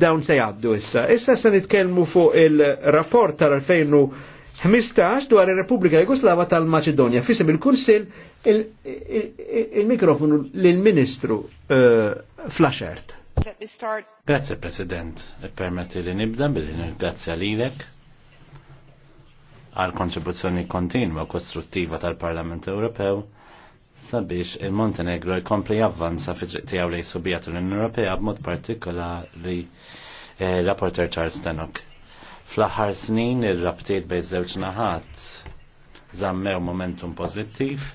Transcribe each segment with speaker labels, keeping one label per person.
Speaker 1: dawn se jgħaddu issa. Issa se nitkellmu fuq il-rapport tal-2015 dwar ir-Repubblika Jugoslava tal-Maċedonja. Fisem il-Kunsil il-mikrofonu lill-Ministru
Speaker 2: eh, Flashert. Grazie President, e permetti li nibda billi nirgrazzja għal kontribuzzjoni kontinua u kostruttiva tal-Parlament Ewropew sabiex il-Montenegro jkompli javvanza fi ġriq tiegħu li subija tal-Unjoni Ewropea b'mod partikolari eh, rapporter Charles Tenok. Fl-aħħar snin ir-rabtiet bejn żewġ naħat żammew momentum pożittiv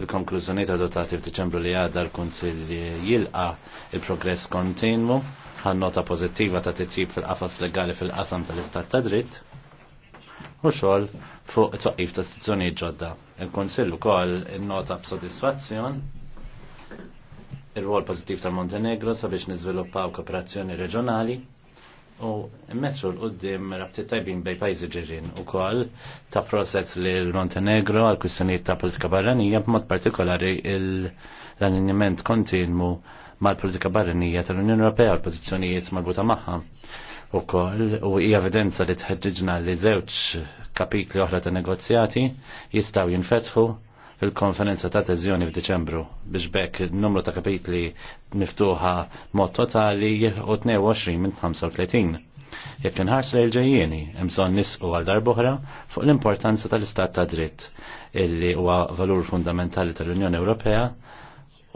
Speaker 2: il-konklużjoniet adottati f'Diċembru li għadha l-Kunsill jilqa il-progress kontinwu ħannota pożittiva ta' titjib fil-qafas legali fil-qasam tal-Istat ta' dritt u xogħol fuq it-twaqqif ta' stizzjoni ġodda. Il-Konsill ukoll in-nota b'sodisfazzjon ir-rol pożittiv tal-Montenegro sabiex niżviluppaw kooperazzjoni reġjonali u mmetru l-qoddim rabti tajbin bej pajzi ġirin u kol ta' proset li l-Montenegro għal kwistjonijiet ta' politika barranija b'mod partikolari l-allinjament kontinmu mal-politika barranija tal-Unjoni Ewropea għal pożizzjonijiet marbuta magħha u koll u hija evidenza li tħeġġiġna li żewġ kapitli oħra ta' negozjati jistgħu jinfetħu fil-konferenza ta' teżjoni f'Diċembru biex bekk numru ta' kapitli miftuħa mod totali jilħu 22 minn 35 jekk inħarsu lejl ġejjieni, imson nisqu għal darbohra fuq l-importanza tal-istat ta' dritt, illi huwa valur fundamentali tal-Unjoni Ewropea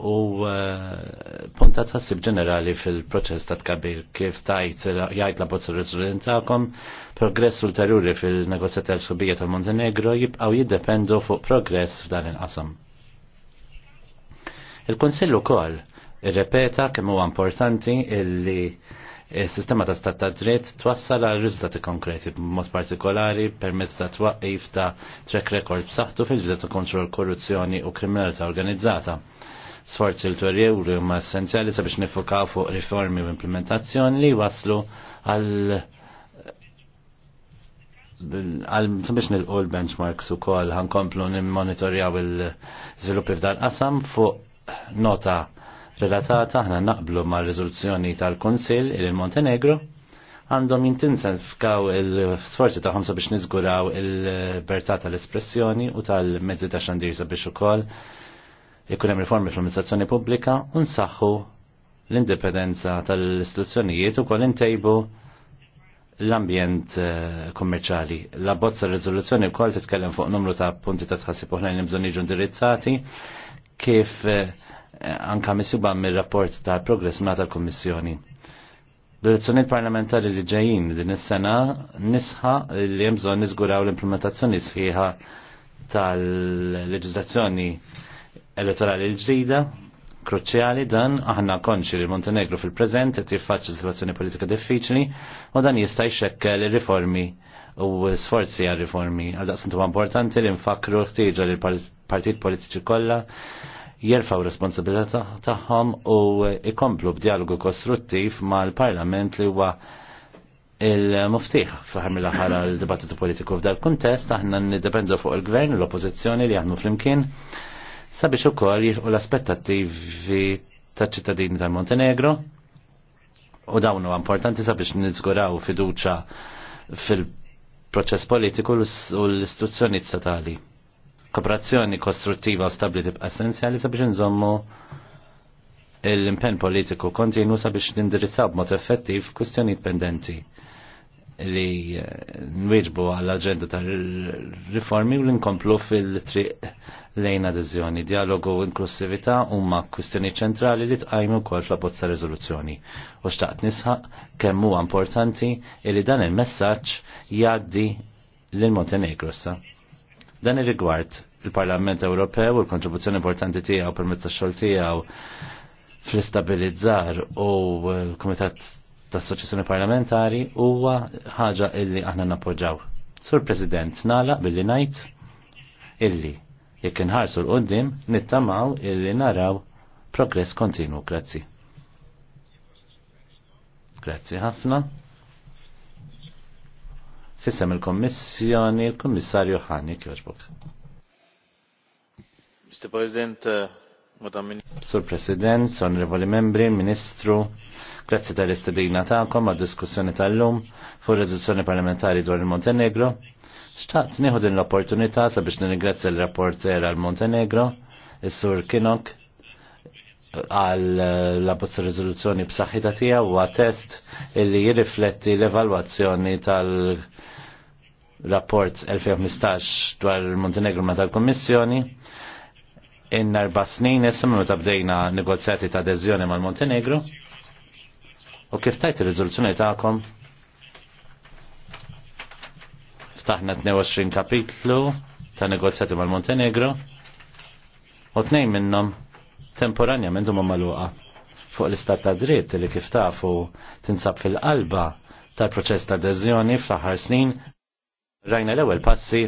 Speaker 2: u eh, punta tħassib ġenerali fil-proċess ta' tkabbir kif tajt eh, jgħid la bozza riżultin tagħkom progress ulterjuri fil-negozjat tal-subija tal-Montenegro jibqgħu jiddependu fuq progress f'dan il-qasam. Il-Kunsill ukoll irrepeta kemm huwa importanti illi il-sistema ta' stat ta' dritt twassal għal riżultati konkreti b'mod partikolari permezz ta' twaqqif ta' track record b'saħħtu fil-ġlieta kontrol korruzzjoni u kriminalità organizzata sforzi ulterjuri huma essenzjali sabiex nifukaw fuq riformi u implementazzjoni li waslu għal għal biex nilqu l-benchmarks u kol ħankomplu nimmonitorjaw il-żviluppi f'dan qasam fuq nota relatata ħna naqblu ma' rizoluzzjoni tal-Konsil il-Montenegro għandhom fkaw il-sforzi taħħom sabiex nizguraw il bertata tal-espressjoni u tal-mezzi ta' xandir sabiex ukoll ikun hemm riformi fl-amministrazzjoni pubblika u nsaħħu l-indipendenza tal-istituzzjonijiet u kol intejbu l-ambjent eh, kommerċali. La bozza riżoluzzjoni wkoll titkellem fuq numru ta' punti ta' tħassib oħrajn li bżonn jiġu indirizzati kif eh, anka misuba mir-rapport tal-progress mingħata tal kummissjoni L-elezzjonijiet parlamentari li ġejjin din is-sena nisħa li hemm bżonn niżguraw l-implementazzjoni sħiħa tal-leġiżlazzjoni elettorali l-ġdida, kruċjali dan aħna konċi li Montenegro fil-preżent qed jiffaċċja situazzjoni politika diffiċli u dan jista' jxekkel ir-riformi u sforzi għal riformi għal daqsant huwa importanti li nfakru ħtieġa li partit politiċi kollha jerfaw responsabilità tagħhom u ikomplu b'dialogu kostruttiv mal-Parlament li huwa il-muftiħ fl-ħar mill-aħħar għal dibattitu politiku f'dal kuntest aħna nidependu fuq il-gvern u l-oppożizzjoni li fl flimkien sabiex ukoll jilħu l-aspettattivi taċ ċittadini tal-Montenegro u dawn huwa importanti sabiex niżguraw fiduċa fil-proċess politiku u l-istruzzjoni statali. Kooperazzjoni kostruttiva u stabli tibqa' essenzjali sabiex nżommu l-impenn politiku kontinu sabiex nindirizzaw b'mod effettiv kwistjoni pendenti li eh, nwieġbu għall-agenda tal-riformi u l-inkomplu fil-triq lejn adeżjoni. Dialogu u inklusivita huma kwistjoni ċentrali li tqajmu kol fl bozza riżoluzzjoni. U xtaqt nisħaq kemm huwa importanti li dan il-messaġġ jgħaddi lill Montenegro sa. Dan ir-rigward il-Parlament Ewropew u l-kontribuzzjoni importanti tiegħu permezz tax-xogħol tiegħu fl-istabilizzar u l-Kumitat tas soċessjoni parlamentari huwa ħaġa illi aħna nappoġġaw. Sur President, nala billi najt illi jekk inħarsu l-qoddim nittamaw illi naraw progress kontinu. Grazzi. Grazzi ħafna. Fissem il-Kommissjoni, il-Kommissarju Ħani Kjoġbok.
Speaker 1: Mr. President, uh, Madam Minister.
Speaker 2: Sur President, Honorable Membri, Ministru, Grazzi tal-istedina ta'kom għad diskussjoni tal-lum fuq rezoluzzjoni parlamentari dwar il-Montenegro. Xtaqt nieħu din l-opportunità sabiex nirringrazzja l-rapporter għal Montenegro, is-sur Kinok, għal la bozza rezoluzzjoni b'saħħita tiegħu huwa test illi jirrifletti l-evalwazzjoni tal- rapport 2015 dwar il-Montenegro ma tal-Kommissjoni in erba snin issa meta bdejna negozjati ta' adeżjoni mal-Montenegro U kif tajt il-rizoluzzjoni ta'kom? Ftaħna 22 kapitlu ta' negozjati mal-Montenegro u tnejn minnhom minn huma magħluqa fuq l-istat ta' dritt li kif tafu tinsab fil-qalba tal-proċess ta' adeżjoni fl-aħħar snin rajna l-ewwel passi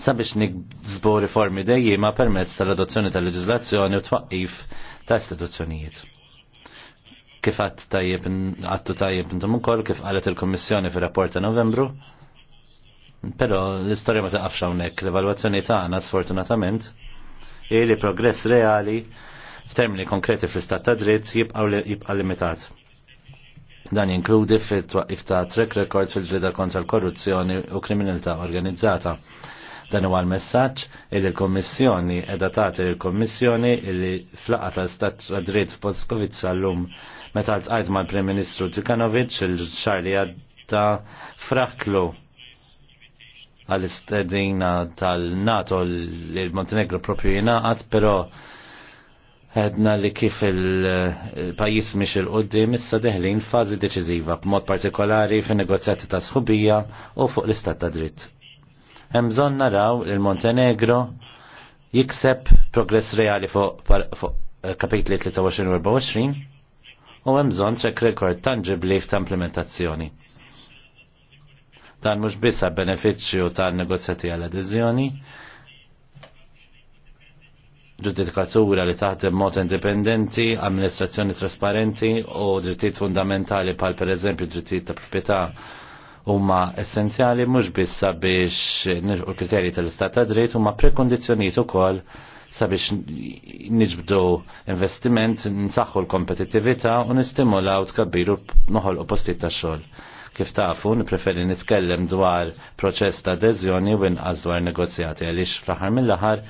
Speaker 2: sabiex nikzbu riformi dejjima permezz tal-adozzjoni tal-leġiżlazzjoni u twaqqif ta' istituzzjonijiet kif għat tajjeb għattu tajjeb intom ukoll kif qalet il-Kommissjoni fir-rapport ta' Novembru. Però l-istorja ma taqafx hawnhekk, l-evalwazzjoni tagħna sfortunatament hi li progress reali f'termini konkreti fl-istat ta' dritt jibqa' limitat. Dan jinkludi fit-twaqqif ta' track record fil-ġlida kontra l-korruzzjoni u kriminalità organizzata. Dan huwa l-messaġġ li l-Kommissjoni qiegħda tagħti l-Kommissjoni li flaqa tal-Istat ta' dritt f'Poskovizza sal lum meta ma mal prim Ministru Tikanovic il-xar li għadda fraklu għal-istedina tal-NATO l-Montenegro propju jinaqat, pero għedna li kif il-pajis miex il-qoddim issa deħlin fazi deċiziva b'mod partikolari fin negozjati ta' sħubija u fuq l-istat ta' dritt. Hemm bżonn naraw il-Montenegro jikseb progress reali fuq eh, kapitli 23 u 24 u hemm bżonn track record tangibli ta' implementazzjoni. Dan mhux biss benefiċċju tan-negozjati għal adeżjoni, ġudikatura li taħdem mod indipendenti, amministrazzjoni trasparenti u drittijiet fundamentali pal per eżempju drittijiet ta' proprjetà huma essenzjali mhux biss biex u kriterji tal-istat ta' dritt huma prekondizzjonijiet ukoll sabiex niġbdu investiment, nsaħħu l kompetitività u nistimulaw tkabbiru noħol u postijiet ta' xogħol. Kif tafu, nipreferi nitkellem dwar proċess ta' adeżjoni u inqas dwar negozjati għaliex fl-aħħar mill-aħħar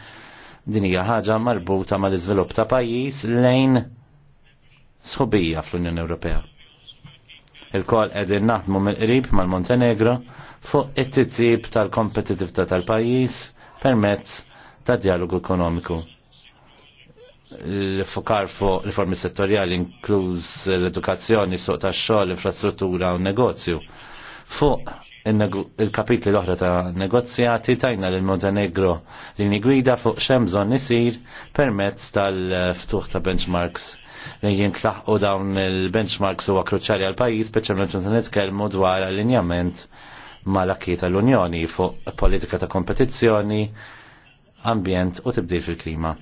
Speaker 2: din hija ħaġa marbuta mal-iżvilupp ta' pajjiż lejn sħubija fl-Unjoni Ewropea. Il-kol qegħdin naħdmu mill-qrib mal-Montenegro fuq it-titjib tal-kompetitività tal-pajjiż permezz ta' dialogu ekonomiku. L-fokar fuq riformi settorjali inkluż l-edukazzjoni, suq ta' xogħol, infrastruttura u negozju. Fuq il-kapitli l-oħra ta' negozjati tajna l montenegro li nigwida fuq bżonn nisir permezz tal-ftuħ ta' benchmarks li jintlaħqu dawn il-benchmarks huwa kruċali għal pajjiż speċjalment meta nitkellmu dwar allinjament mal-akki tal-Unjoni fuq politika ta' kompetizzjoni ambjent u tibdil fil-klima.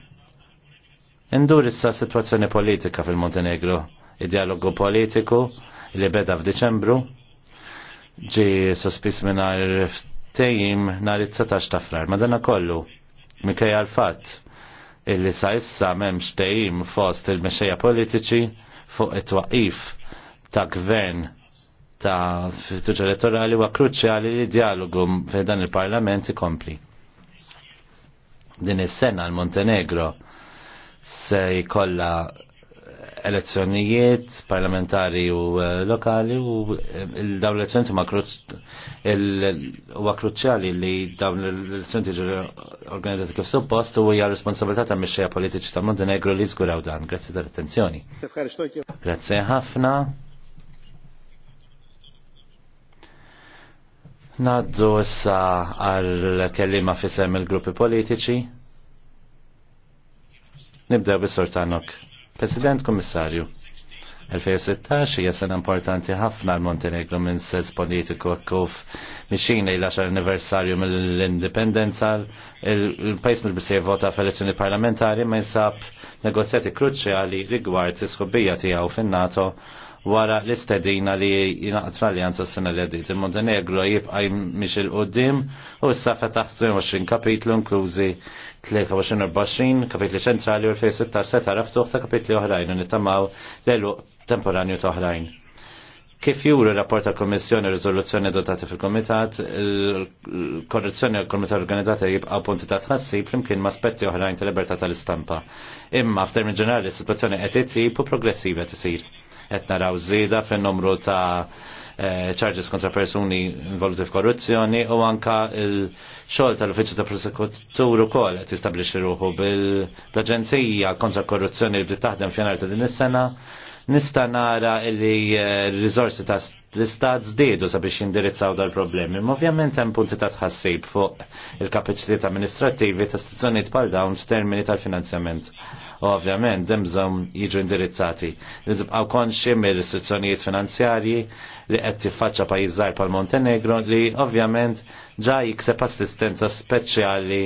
Speaker 2: Indur issa situazzjoni politika fil-Montenegro, id-dialogu politiku li beda f'Diċembru ġi sospis minar ftejim nar 19 ta' frar. Madonna kollu, mikaj għal-fat illi sa' issa memx tejim fost il-mexxejja politiċi fuq it-twaqif ta' gvern ta' fituġ elettorali huwa kruċjali li dialogu f'dan il-parlament ikompli din is-sena l-Montenegro se jkollha elezzjonijiet parlamentari u eh, lokali u eh, dawn l-elezzjoni ma huwa kruċjali li dawn l elezzjonijiet ġew organizzati kif suppost u hija responsabilità ta' mixxejja politiċi ta' Montenegro li żguraw dan. Grazzi tal-attenzjoni. Grazzi ħafna. Naddu issa għal kellima fisem il-gruppi politiċi. Nibdew bis-Sur President Kommissarju, 2016 hija sena importanti ħafna għal Montenegro minn sess politiku kif mixin li l anniversarju mill-indipendenza il-pajis mill bisir vota f'elezzjoni parlamentari ma jinsab negozjati kruċjali rigward is-sħubija tiegħu fin-NATO wara l-istedina li jinaqtra l-janza s-sena li għaddit. Il-Montenegro jibqaj miex il-qoddim u issa fetaħ 22 kapitlu inkluzi 23-24 kapitli ċentrali u l 16 seta raftuħ ta' kapitli oħrajn u nittamaw l-elu temporanju ta' oħrajn. Kif juru rapport ta' kommissjoni rizoluzzjoni dotati fil-komitat, il-korruzzjoni u komitat organizzata jibqa' punti ta' tħassib flimkien ma' aspetti oħrajn tal-libertà tal-istampa. Imma f'termin ġenerali s-situazzjoni qed titjib u t-sir qed naraw żieda fin-numru ta' eh, charges kontra persuni involuti f'korruzzjoni u anka il-xogħol tal-Uffiċċju ta' Prosekutur ukoll qed jistabblixxi ruħu bil-Aġenzija kontra korruzzjoni li taħdem f'janar ta' din is-sena nista nara li eh, r-rizorsi ta' l-istat zdedu sabiex jindirizzaw dal-problemi. Ovvjament hemm punti ta' tħassib fuq il-kapaċitiet amministrativi ta' stazzjonijiet bħal dawn f'termini tal-finanzjament ovvjament demżom jiġu indirizzati. Li tibqaw konxi mir restrizzjonijiet finanzjarji li qed tiffaċċa pajjiżar pal Montenegro li ovvjament ġa jikseb assistenza speċjali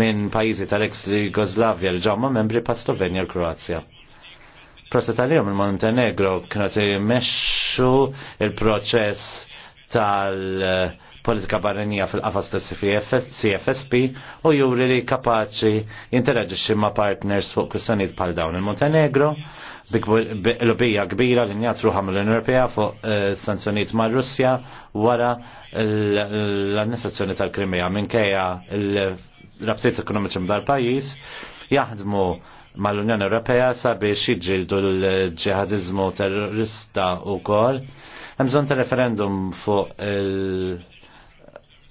Speaker 2: minn pajjiżi tal-ex Jugoslavja li ġamma membri pa' Slovenja u Kroazja. Prosta tal-jom il-Montenegro kienu imexxu il-proċess tal- uh, politika barranija fil-qafas ta' CFSP u juri li kapaċi jinteraġixxi ma' partners fuq kwistjonijiet bħal dawn il-Montenegro l-obija kbira li njat ruħam l-Unjoni Ewropea fuq eh, sanzjoniet ma' Russja wara l-annessazzjoni tal-Krimija minkejja l-rabtiet ekonomiċi mdar pajjiż jaħdmu mal-Unjoni Ewropea sabiex jiġġieldu l-ġihadizmu terrorista u kol. Hemm bżonn ta' referendum fuq il-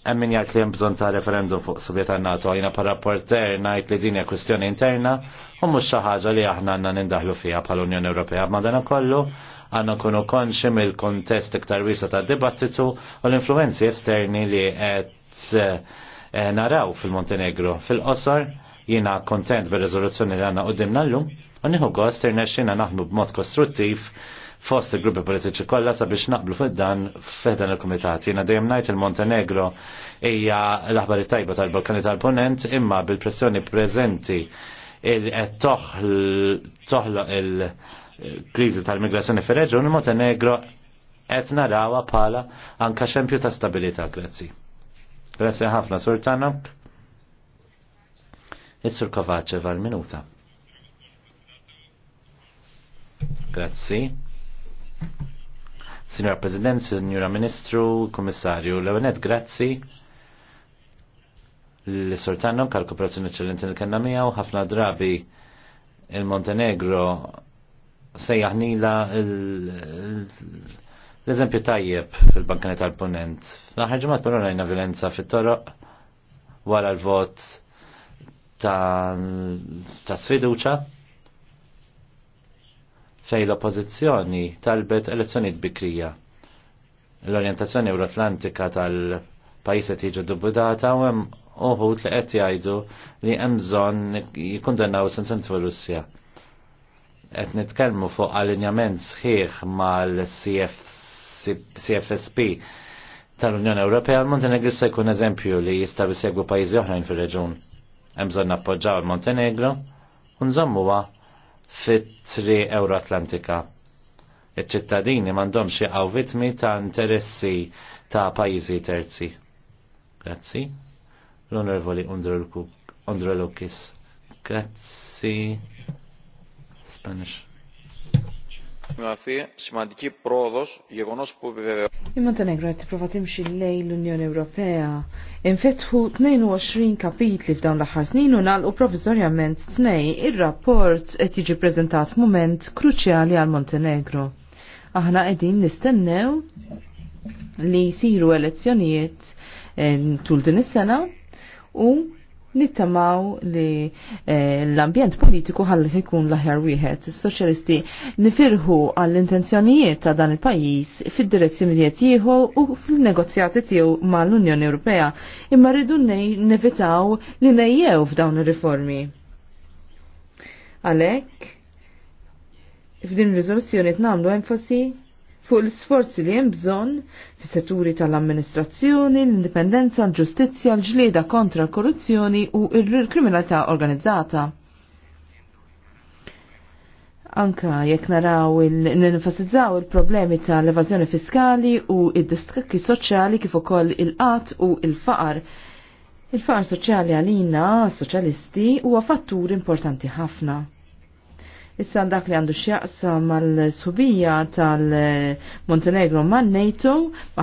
Speaker 2: Emmin jgħat li bżon ta' referendum fuq subjeta NATO, jina pa' rapporter najt li dinja kwestjoni interna, u mux xaħġa li aħna għanna nindahlu fija bħal Unjoni Ewropea. Ma dan kollu għanna kunu konxi mill-kontest iktar wisa ta' dibattitu u l-influenzi esterni li għet eh, naraw fil-Montenegro. Fil-qosor jina kontent bil-rezoluzzjoni li għanna u dimna l-lum, u nħu għost irnexxina naħmu b'mod kostruttiv fost il-gruppi politiċi kollha sabiex naqblu fid-dan f'dan il-kumitat. Jiena dejjem ngħid il-Montenegro hija l-aħbar tajba tal-Balkani tal-Ponent imma bil-pressjoni preżenti qed toħloq il-kriżi tal-migrazzjoni fir-reġjun il-Montenegro qed narawha bħala anke xempju ta' stabilità, grazzi. Grazzi ħafna, Sur Tanok. Is-Sur Kovacev għal-minuta. Grazzi. Signora President, Signora Ministru, Kommissarju, Leonet, grazzi l-sortannom kal kooperazzjoni eccellenti li kellna miegħu ħafna drabi il-Montenegro sejjaħnila l-eżempju tajjeb fil-bankanet tal-ponent. Naħħarġumat per però violenza fit-toroq wara l-vot ta' sfiduċa fej l-oppozizjoni talbet elezzjoniet bikrija. L-orientazzjoni Euro-Atlantika tal-pajiset jiġu dubudata u hemm uħut li qed jgħidu li hemm bżonn jikkundennaw sanzjoni fuq Russja. Qed nitkellmu fuq allinjament sħiħ mal-CFSP tal-Unjoni Ewropea, l-Montenegro se jkun eżempju li jista' jisegwu pajjiżi oħrajn fir-reġun. Hemm bżonn nappoġġaw il-Montenegro u nżommuha fit-tri Euroatlantika. Iċ-ċittadini m'għandhomx jaqgħu vitmi ta' interessi ta' pajjiżi terzi. Grazzi. L-onorevoli Undrelukis. Grazzi. Spanish.
Speaker 1: Il-Montenegro
Speaker 3: għed t-prova timxi lej l-Unjoni Ewropea. Infetħu 22 kapitli f'dawn l-aħħar snin u nalqu provizorjament tnej ir-rapport qed jiġi preżentat f'mument kruċjali għal Montenegro. Aħna qegħdin nistennew li jsiru elezzjonijiet eh, tul din is-sena u nittamaw li eh, l-ambjent politiku ħalli ikun l-aħjar wieħed. Is-soċjalisti nifirħu għall-intenzjonijiet ta' dan il-pajjiż fid-direzzjoni li jieħu u fil-negozjati tiegħu mal-Unjoni Ewropea, imma rridu nevitaw li nejjew f'dawn ir-riformi. Għalhekk f'din riżoluzzjoni tnamlu enfasi fuq l-sforzi li hemm bżonn fis-setturi tal-amministrazzjoni, l-indipendenza, l-ġustizzja, l-ġlieda kontra l-korruzzjoni u l-kriminalità organizzata. Anka jekk naraw ninfasizzaw il-problemi tal-evażjoni fiskali u id-distakki soċjali kif ukoll il qat u il-faqar. Il-faqar soċjali għalina, soċjalisti, huwa fattur importanti ħafna. Issa dak li għandu xjaqsa mal-subija tal-Montenegro ma' NATO,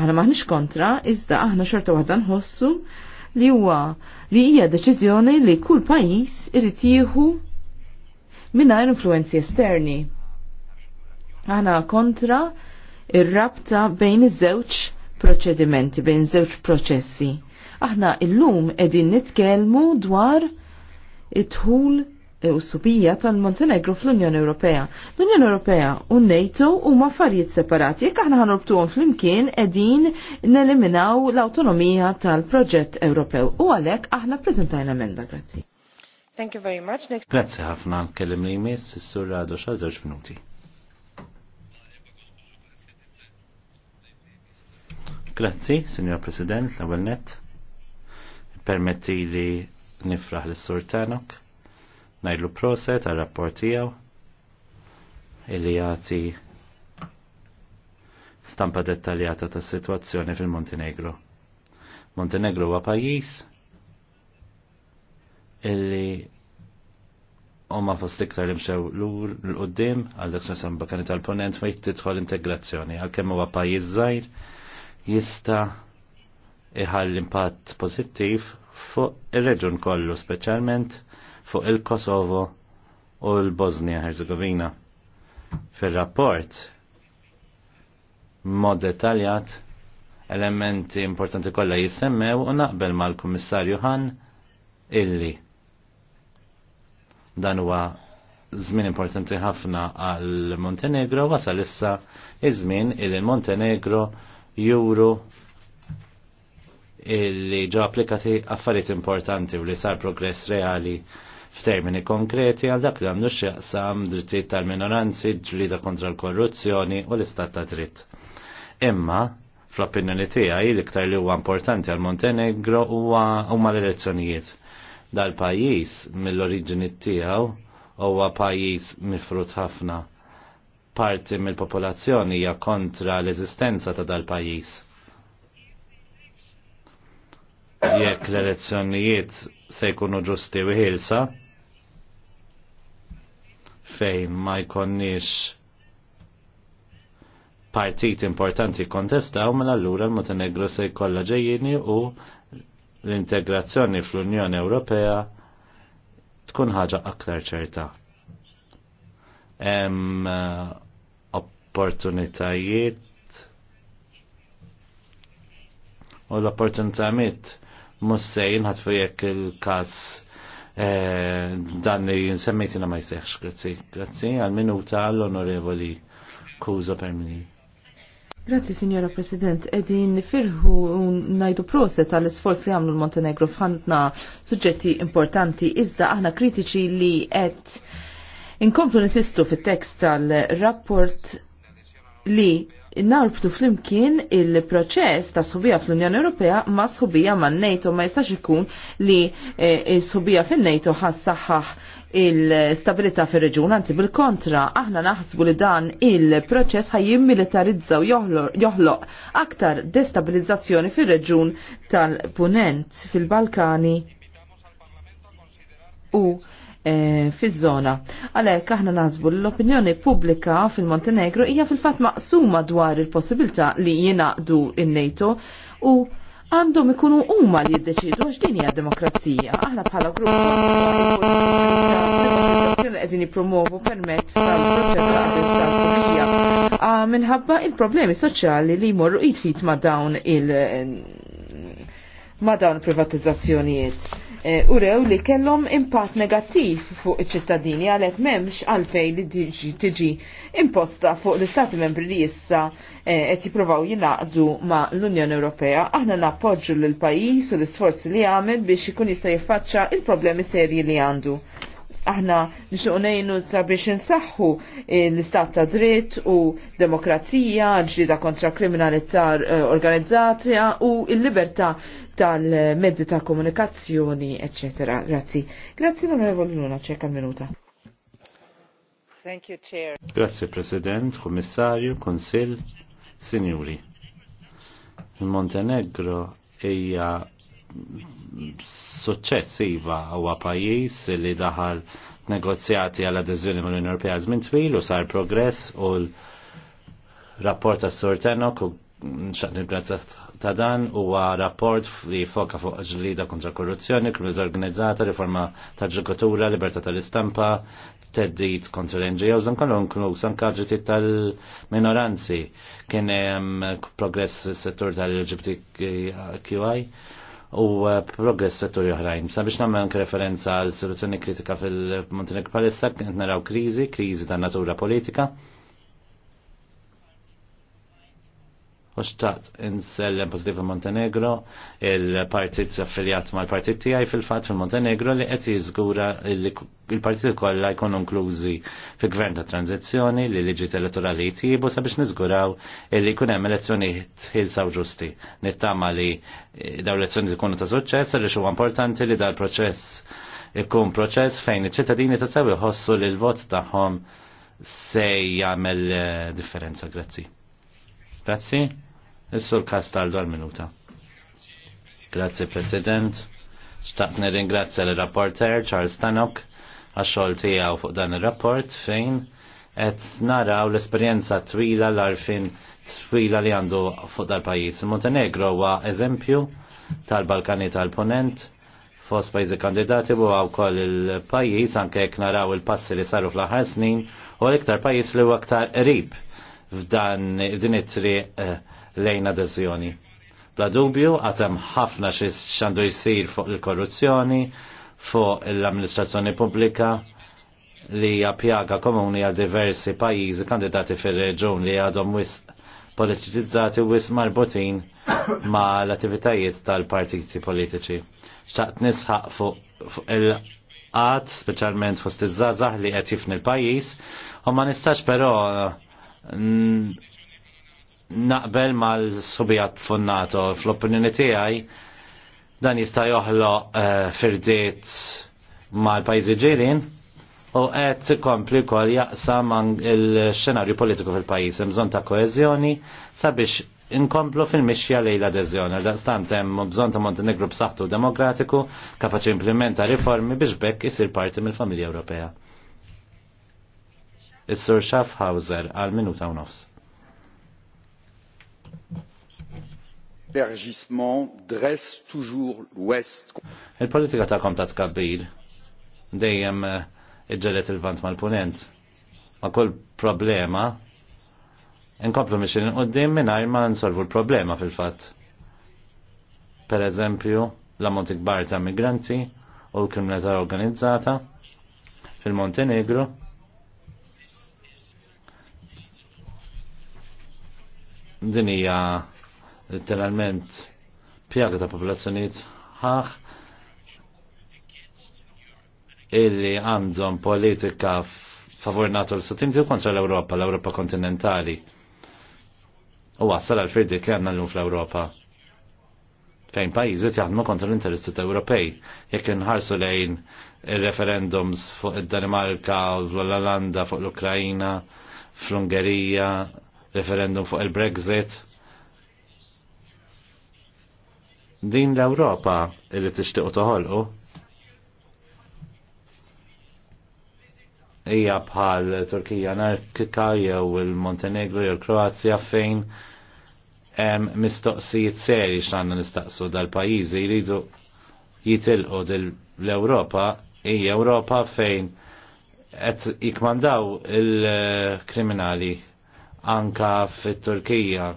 Speaker 3: aħna maħnix kontra, iżda aħna xorta waħda nħossu li huwa li hija deċiżjoni li kull pajjiż irid jieħu mingħajr influenzi esterni. Aħna kontra ir-rabta bejn iż-żewġ proċedimenti, bejn żewġ proċessi. Aħna illum qegħdin nitkellmu dwar it-tħul u subija tal-Montenegro fl-Unjoni Ewropea. L-Unjoni Ewropea u NATO u maffarijiet separati, jekk aħna ħanobtuhom fl-imkien edin neliminaw l-autonomija tal-proġett Ewropew. U għalek aħna prezentajna emenda, grazzi. Thank you very much. Next...
Speaker 2: Grazzi ħafna, kellim li jmiss, s-sur Rado xa' minuti. Grazzi, Signor President, l-ewel net. Permetti li nifraħ l-sur Tanok najdlu proset għal rapportijaw illi jati stampa dettaljata ta' situazzjoni fil-Montenegro. Montenegro huwa pajjiż illi huma fost iktar imxew mxew l-qoddim għal dak sasam bakani tal-ponent ma jittidħol integrazzjoni għalkemm huwa pajjiż żgħir jista' iħall impatt pożittiv fuq ir-reġun kollu speċjalment fuq il-Kosovo u l-Bosnia Herzegovina. Fil-rapport, mod detaljat, elementi importanti kollha jissemmew u naqbel mal-Kummissarju Han illi dan huwa żmien importanti ħafna għal Montenegro wasal issa iż-żmien il Montenegro juru illi ġo applikati affarijiet importanti u li sar progress reali f'termini konkreti għal dak li għandu xieqsam drittijiet tal-minoranzi, ġrida kontra l-korruzzjoni u l-istat ta' dritt. Imma, fl-opinjoni tiegħi l-iktar li huwa importanti għal Montenegro huwa huma l-elezzjonijiet. Dal-pajjiż mill-oriġini tiegħu huwa pajjiż mifrut ħafna. Parti mill-popolazzjoni hija kontra l-eżistenza ta' dal-pajjiż jekk l-elezzjonijiet se jkunu ġusti u ħilsa fejn ma jkonniex partit importanti kontestaw mela allura l-Montenegro se jkollha ġejjini u l-integrazzjoni fl-Unjoni Ewropea tkun ħaġa aktar ċerta. Hemm eh, opportunitajiet u l-opportunitajiet mussejn ħatfu jekk il-kas eh, dan li nsemmejtina ma jsejħx, grazzi. Grazzi għal-minuta l-onorevoli Kuza Permini.
Speaker 3: Grazzi, Signora President. Edin firħu najdu proset tal isforz li għamlu l-Montenegro fħantna suġġetti importanti, iżda aħna kritiċi li qed inkomplu nisistu fit-tekst tal-rapport li Narbtu flimkien il-proċess ta' sħubija fl-Unjoni Ewropea ma' sħubija ma' NATO ma' jistax ikun li eh, sħubija fin-NATO ħassaħħaħ il-stabilità fir reġun anzi bil-kontra, aħna naħsbu li dan il-proċess ħaj jimmilitarizza u joħloq aktar destabilizzazzjoni fir reġun tal-punent fil-Balkani u E, fiż-żona. Għalhekk aħna nażbu l-opinjoni pubblika fil-Montenegro hija fil-fatt maqsuma dwar il-possibilità li jingħaqdu in-NATO u għandhom ikunu huma li jiddeċidu għax din hija demokrazija. Aħna bħala grupp qegħdin jippromovu permezz tal-proċess tal minħabba il-problemi soċjali li jmorru jitfit ma' dawn il- ma' dawn privatizzazzjonijiet Eh, urew li kellhom impatt negattiv fuq iċ-ċittadini għalhekk m'hemmx għalfejn li tiġi imposta fuq l-Istati membri li issa eh, qed jippruvaw jingħaqdu ma' l-Unjoni Ewropea. Aħna nappoġġu lil pajjiż u l-isforzi li għamel biex ikun jista' jiffaċċa il-problemi serji li għandu. Aħna nixuq ngħinu sabiex insaħħu l-istat ta' dritt u demokrazija, ġrida kontra kriminalizzar eh, organizzata u l-libertà tal-mezzi ta' komunikazzjoni, eccetera. Grazzi. Grazzi l-Onorevoli Luna, ċekka minuta.
Speaker 2: Thank you, Chair. Grazie, President, Kommissarju, Konsil, Signori. Il-Montenegro hija suċċess iva huwa pajjiż li daħal negozjati għal adeżjoni mal-Unjoni Ewropea żmien twil u sar progress u l-rapport tas-Sortenok u nxaq grazzat ta' dan huwa rapport li foka fuq ġlida kontra korruzzjoni, kriminalità organizzata, riforma ta' ġudikatura, libertà tal-istampa, teddit kontra l-NGOs, nkollu nkluż anke tal-minoranzi. Kien hemm progress fis-settur tal-LGBTQI u eh, progress settur oħrajn. Sabiex nagħmel anke referenza għal soluzzjoni kritika fil-Montenegro Palissa, kien naraw kriżi, kriżi ta' natura politika, u xtaqt insellem pozitiv Montenegro il-partit affiljat mal partit tijaj fil-fatt fil-Montenegro li qed jiżgura il-partit kollha jkunu inklużi fi gvern ta' tranzizjoni li liġi elettorali jtibu sabiex niżguraw li jkun hemm elezzjoni tħilsaw ġusti. Nittama li eh, daw elezzjoni jkunu ta' suċċess li huwa importanti li dal-proċess ikun proċess fejn iċ-ċittadini ta' sewi ħossu li l-vot tagħhom se jagħmel eh, differenza. Grazzi. Grazzi. Is-sur Kastaldo għal-minuta. Grazie President. Xtaqt nirringrazzja l-rapporter Charles Tanok għax-xogħol fuq dan ir-rapport fejn qed naraw l-esperjenza twila l-arfin twila li għandu fuq dal-pajjiż. Montenegro huwa eżempju tal-Balkani tal-Ponent fost pajjiżi kandidati u wkoll il-pajjiż anke jekk naraw il-passi li saru fl-aħħar snin u l-iktar pajjiż li huwa aktar qrib f'dan din it tri eh, lejn adeżjoni. Bla dubju għatem ħafna xandu jisir fuq il-korruzzjoni, fuq l-amministrazzjoni pubblika li jappjaga pjaga komuni għal diversi pajjiżi kandidati fir-reġun li għadhom wis politiċizzati wis marbutin ma l-attivitajiet tal-partiti politiċi. Xtaqt nisħaq fuq il għad speċjalment fost iż-żazax li qed jifni l-pajjiż, u ma nistax però naqbel mal-subjat funnato fl-opinjoni tiegħi dan jista' joħloq eh, firdiet mal-pajjiżi ġielin u qed ikompli wkoll jaqsam il-xenarju politiku fil-pajjiż hemm bżonn ta' koeżjoni sabiex inkomplu fil-mixja lejn l-adeżjoni. Daqstant hemm bżonn ta' Montenegro b'saħħtu demokratiku kapaċi implementa riformi biex bekk isir parti mill-familja Ewropea. Is-Sur Schaffhauser għal minuta u nofs. L'élargissement dresse toujours l'Ouest. Il-politika ta' kom ta' tkabbir dejjem eh, iġġelet il-vant mal-punent. Ma' kull problema inkomplu mixin qoddim minn ma' nsolvu l-problema fil-fatt. Per eżempju, l monti kbar ta' migranti u l-kriminalità organizzata fil-Montenegro Din hija literalment pjaga ta' popolazzjonijiet ħax illi għandhom politika favur NATO l-Statim til kontra l-Europa, l-Europa kontinentali. U għassal għal-firdi li għanna l-lum fl-Europa. Fejn pajizet jgħadmu kontra l-interessi ta' Ewropej. Jekk nħarsu lejn il-referendums fuq id-Danimarka, l-Olanda, fuq l-Ukrajina, fl-Ungerija, referendum fuq il-Brexit. Din l-Ewropa li tixtiequ toħolqu hija bħal Turkija Narkika jew il-Montenegro jew il-Kroazja fejn hemm mistoqsijiet seri x'għandna nistaqsu dal-pajjiżi jridu jitilqu l-Ewropa hija Ewropa fejn qed jikmandaw il-kriminali anka fit-Turkija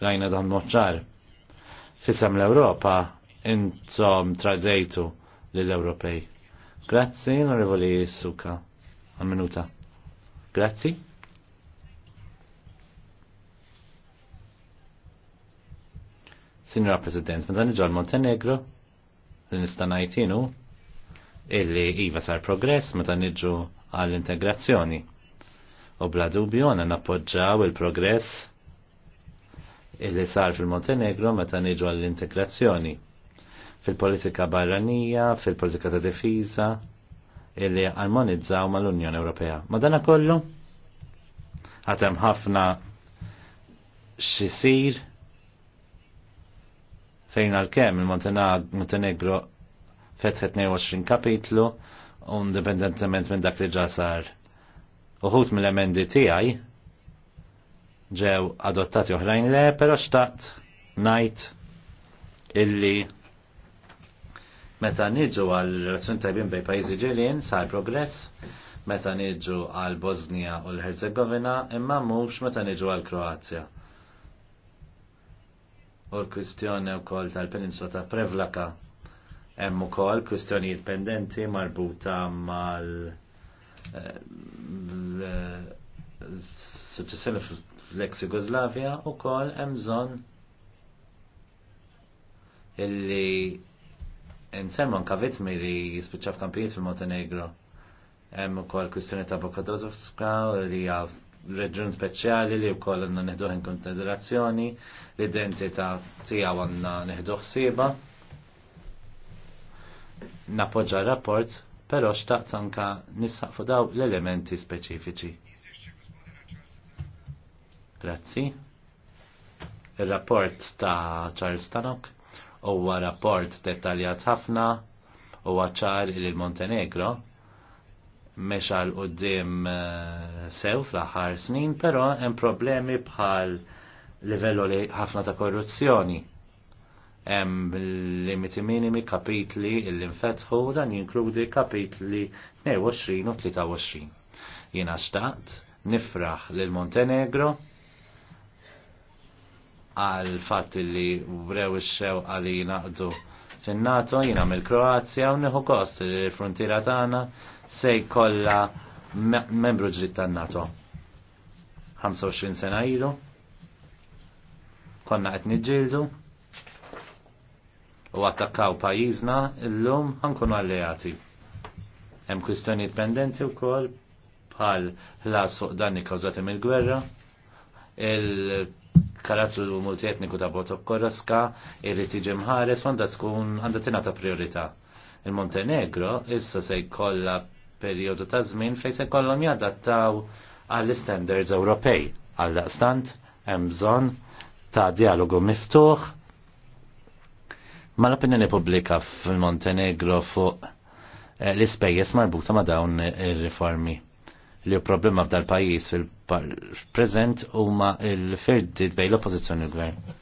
Speaker 2: rajna dan moċċar. Fisem l-Europa intom tradejtu lill-Ewropej. Grazzi, onorevoli Suka. Għamminuta. minuta. Grazzi. Signora President, ma dan iġol Montenegro, li nistanajtinu, illi iva sar progress, ma dan iġu għall-integrazzjoni u bla dubju għana nappoġġaw il-progress illi sar fil-Montenegro meta niġu għall-integrazzjoni fil-politika barranija, fil-politika ta' difiża illi armonizzaw mal-Unjoni Ewropea. Ma dana kollu għatem ħafna xisir fejn għal-kem il-Montenegro fetħet 22 kapitlu un dipendentement minn dak li ġasar. sar uħut mill-emendi tiegħi ġew adottati oħrajn le, però xtaqt ngħid illi meta niġu għal relazzjoni tajbin bej pajjiżi ġelin, sar progress meta niġu għal Bosnia u l-Herzegovina imma mhux meta niġu għal Kroazja. U l-kwistjoni wkoll tal-Peninsula ta' Prevlaka hemm ukoll kwistjonijiet pendenti marbuta mal- l-suċessjoni fl-ex Jugoslavia u kol emżon illi nsemmu anka vittmi li jispiċċa f'kampijiet fil-Montenegro. Hemm ukoll kwistjoni ta' Bokadovska li hija reġun speċjali li wkoll għandna neħduh in l-identità tiegħu għandna neħduh ħsieba. Nappoġġa rapport pero xtaqt anka nissaqfu daw l-elementi speċifiċi. Grazzi. Il-rapport ta' Charles Tanok huwa rapport dettaljat ħafna u ċar il-Montenegro meċa l-qoddim eh, sew fl-aħħar snin, pero hemm problemi bħal livello li ħafna ta' korruzzjoni hemm limiti minimi kapitli l infetħu dan jinkludi kapitli 22 u 23. Jiena xtaqt nifraħ lil Montenegro għal fatt li brew ix-xew għal jinaqdu fin-NATO jiena mill-Kroazja u nieħu kost li l-frontiera tagħna se jkollha membru ġdid tan-NATO. 25 sena ilu konna qed niġġieldu u attakkaw pajjiżna lum ħankunu alleati. Hemm kwistjoni u wkoll bħal ħlas fuq danni kawżati mill-gwerra, il-karattru multietniku ta' Botok Koraska irrid tiġi mħares għandha tkun għandha tingħata priorità. Il-Montenegro issa se jkollha perjodu ta' żmien fejn se jkollhom jadattaw għall-standards Ewropej. Għal daqstant hemm bżonn ta' dialogu miftuħ Ma l-opinjoni pubblika fil-Montenegro fuq eh, l-ispejjeż marbuta ma' dawn ir-riformi li hu problema f'dal pajjiż fil-preżent huma l-firdit bejn l-oppożizzjoni l-gvern.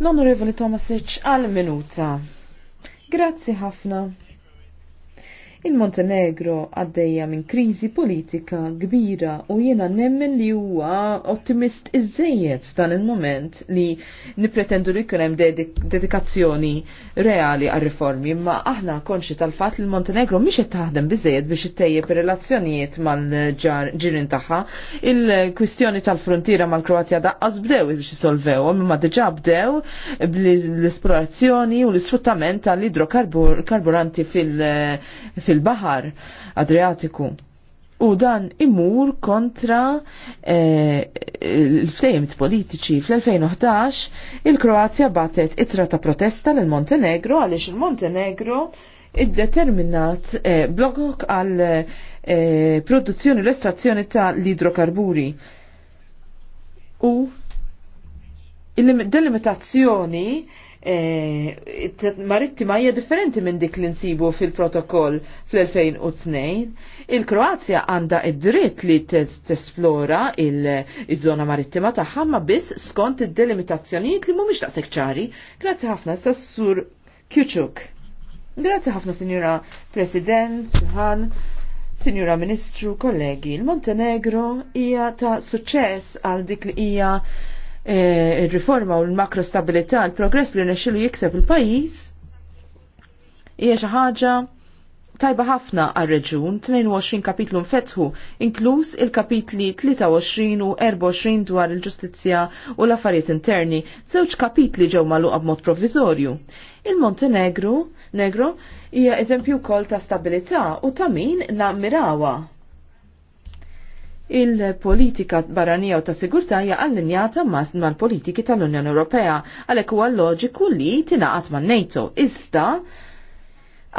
Speaker 3: L-Onorevoli Tomasic għal minuta. Grazzi ħafna. Il-Montenegro għaddejja minn kriżi politika kbira u jiena nemmen li huwa ottimist iżejjed f'dan il-moment li nipretendu li jkun hemm dedikazzjoni reali għar-riformi, imma aħna konxi tal-fatt li l-Montenegro mhix qed taħdem biżejjed biex ittejjeb ir-relazzjonijiet mal-ġirin tagħha. Il-kwistjoni tal-frontiera mal-Kroatja daqqas bdew biex isolvew, imma diġà bdew bl-esplorazzjoni u l-isfruttament tal-idrokarburanti fil-, fil fil-bahar Adriatiku. U dan imur kontra eh, l-ftejmt politiċi fl-2011 il-Kroazja batet itra ta' protesta l montenegro għaliex il-Montenegro id-determinat eh, blokok għal eh, produzzjoni l-estrazzjoni ta' l-idrokarburi. U il-delimitazzjoni Eh, marittima hija differenti minn dik li nsibu fil-protokoll fl-2002. Il-Kroazja għandha id-dritt li tesplora il-żona marittima tagħha ma biss skont id-delimitazzjonijiet li mhumiex taqsek ċari. Grazzi ħafna sa sur Kjuċuk. Grazzi ħafna Sinjura President, Suhan. Sinjura Ministru, kollegi, il-Montenegro hija ta' suċċess għal dik li hija E, il-riforma u l-makro stabilità, l progress li nexilu jikseb il-pajis, hija xi ħaġa tajba ħafna għal-reġun 22 kapitlu nfetħu, inkluż il-kapitli 23 u 24 dwar il-ġustizzja u l-affarijiet interni, żewġ kapitli ġew magħluqa b'mod provviżorju. Il-Montenegro, negro, hija eżempju wkoll ta' stabilità u ta' min mirawa Il-politika barranija u ta' sigurtà hija allinjata mal-politiki tal-Unjoni Ewropea għalhekk huwa loġiku li tingħaqad man NATO iżda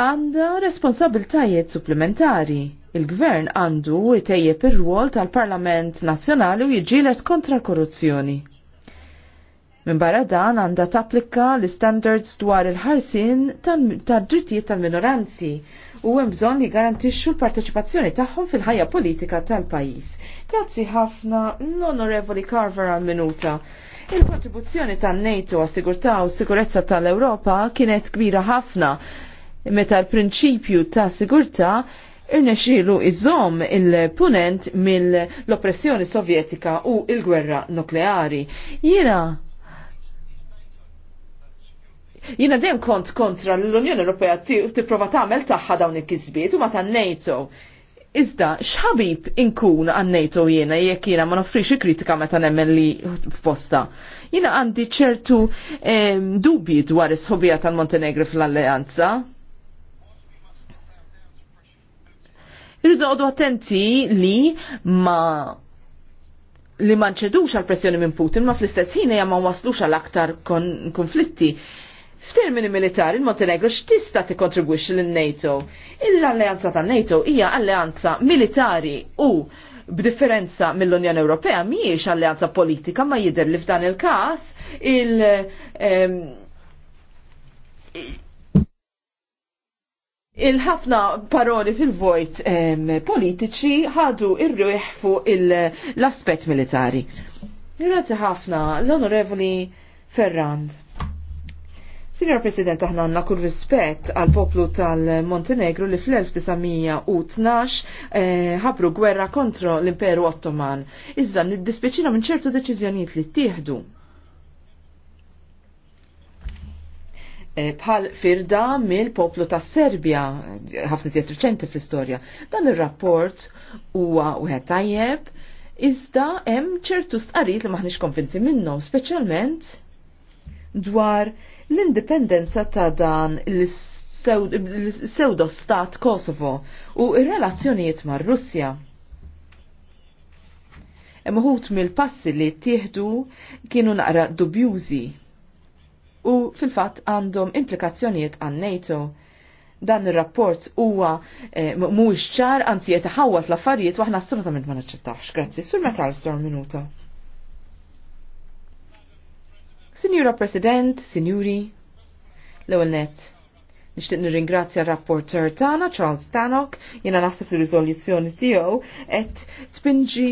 Speaker 3: għandha responsabiltajiet supplementari. Il-gvern għandu jtejjeb ir-rwol tal-Parlament Nazzjonali u jiġġieled kontra l-korruzzjoni. Minn barra dan għandha tapplika l-standards dwar il-ħarsin tad-drittijiet tal-minoranzi. tal, tal minoranzi u hemm bżonn li garantixxu l-parteċipazzjoni tagħhom fil-ħajja politika tal-pajjiż. Grazzi ħafna l-Onorevoli Carver għal minuta. Il-kontribuzzjoni tan-NATO għas-sigurtà u s-sigurezza tal-Ewropa kienet kbira ħafna meta l-prinċipju ta' sigurtà irnexxielu iżomm il-punent mill-oppressjoni sovjetika u il-gwerra nukleari. Jiena Jina dem kont kontra l-Unjoni Ewropea tipprova tagħmel tagħha dawn il-kisbiet u ma tan-NATO. Iżda, xħabib inkun għan-NATO jena jekk jena ma nofrix kritika meta nemmen li f'posta. Jiena għandi ċertu dubji dwar is-ħobija tal-Montenegro fl-alleanza. Irridu għodu attenti li ma li manċedux għal pressjoni minn Putin ma fl-istess ħin ma waslux għal aktar kon konflitti. F'termini militari, il-Montenegro x'tista' tikkontribwix lin-NATO. Il-alleanza tan-NATO hija alleanza militari u b'differenza mill-Unjoni Ewropea mhijiex alleanza politika ma jidher li f'dan il-każ il-, il Il-ħafna paroli fil-vojt politiċi ħadu ir-riħ fuq l-aspet militari. Grazie ħafna l-onorevoli Ferrand. Signor President, aħna għanna kull rispett għal poplu tal-Montenegro li fl-1912 eh, ħabru eh, gwerra kontra l-Imperu Ottoman. Iżda niddispeċina minn ċertu deċiżjonijiet li ttieħdu. Eh, bħal firda mill-poplu ta' Serbja, ħafna ziet riċenti fl-istorja. Dan ir-rapport huwa wieħed tajjeb, iżda hemm ċertu stqarrijiet li maħniex konvinti minnhom, speċjalment dwar l-indipendenza ta' dan l sewdo stat Kosovo u il relazzjonijiet mar russja Imħut mill-passi li tieħdu kienu naqra dubjużi u fil-fatt għandhom implikazzjonijiet għan NATO dan il-rapport huwa eh, mhux mhuwiex ċar anzi qed iħawwat l-affarijiet waħna assolutament ma naċċettax. Grazzi, Sur McAllister minuta. Signora President, Sinjuri, l-ewel net, nishtiq nirringrazzja rapporter tana Charles Tannock. jena naħseb li rizoluzzjoni tiegħu qed tpinġi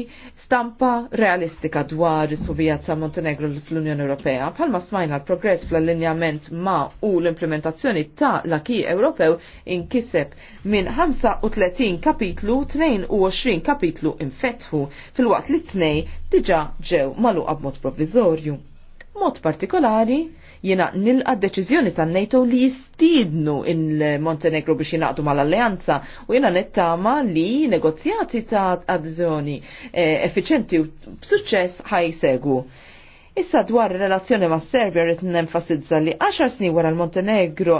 Speaker 3: stampa realistika dwar is-subija ta' Montenegro fl-Unjoni Ewropea. Bħalma smajna l-progress fl-allinjament ma' u l-implementazzjoni ta' l-aki Ewropew inkiseb minn 35 kapitlu 22 kapitlu infetħu fil-waqt li t-nej diġa ġew maluqa b'mod provvizorju Mod partikolari, jiena nilqa deċiżjoni tan NATO li jistidnu il-Montenegro biex jinaqdu mal-alleanza u jiena nittama li negozjati ta' adżjoni effiċenti eh, u b'suċċess ħajsegu. Issa dwar relazzjoni ma' Serbia rrit nenfasizza li 10 snin wara l-Montenegro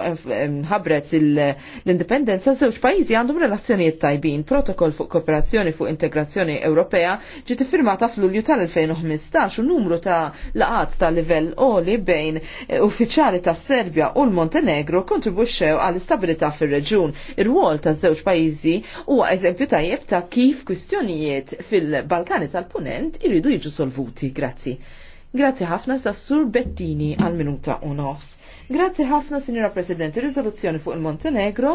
Speaker 3: ħabret l-indipendenza żewġ pajjiżi għandhom relazzjonijiet tajbin. Protokoll fuq kooperazzjoni fuq integrazzjoni Ewropea ġiet iffirmata f'Lulju tal-2015 u numru ta' laqat ta' livell oli bejn eh, uffiċjali ta' Serbia u l-Montenegro kontribwixxew għall istabilità fir-reġjun. Ir-rwol ta' żewġ pajjiżi huwa eżempju tajjeb ta' kif kwistjonijiet fil-Balkani tal-Punent iridu jiġu solvuti. Grazzi. Grazzi ħafna sa' Sur Bettini għal minuta u nofs. Grazzi ħafna, Sinjora presidenti rizoluzzjoni fuq il-Montenegro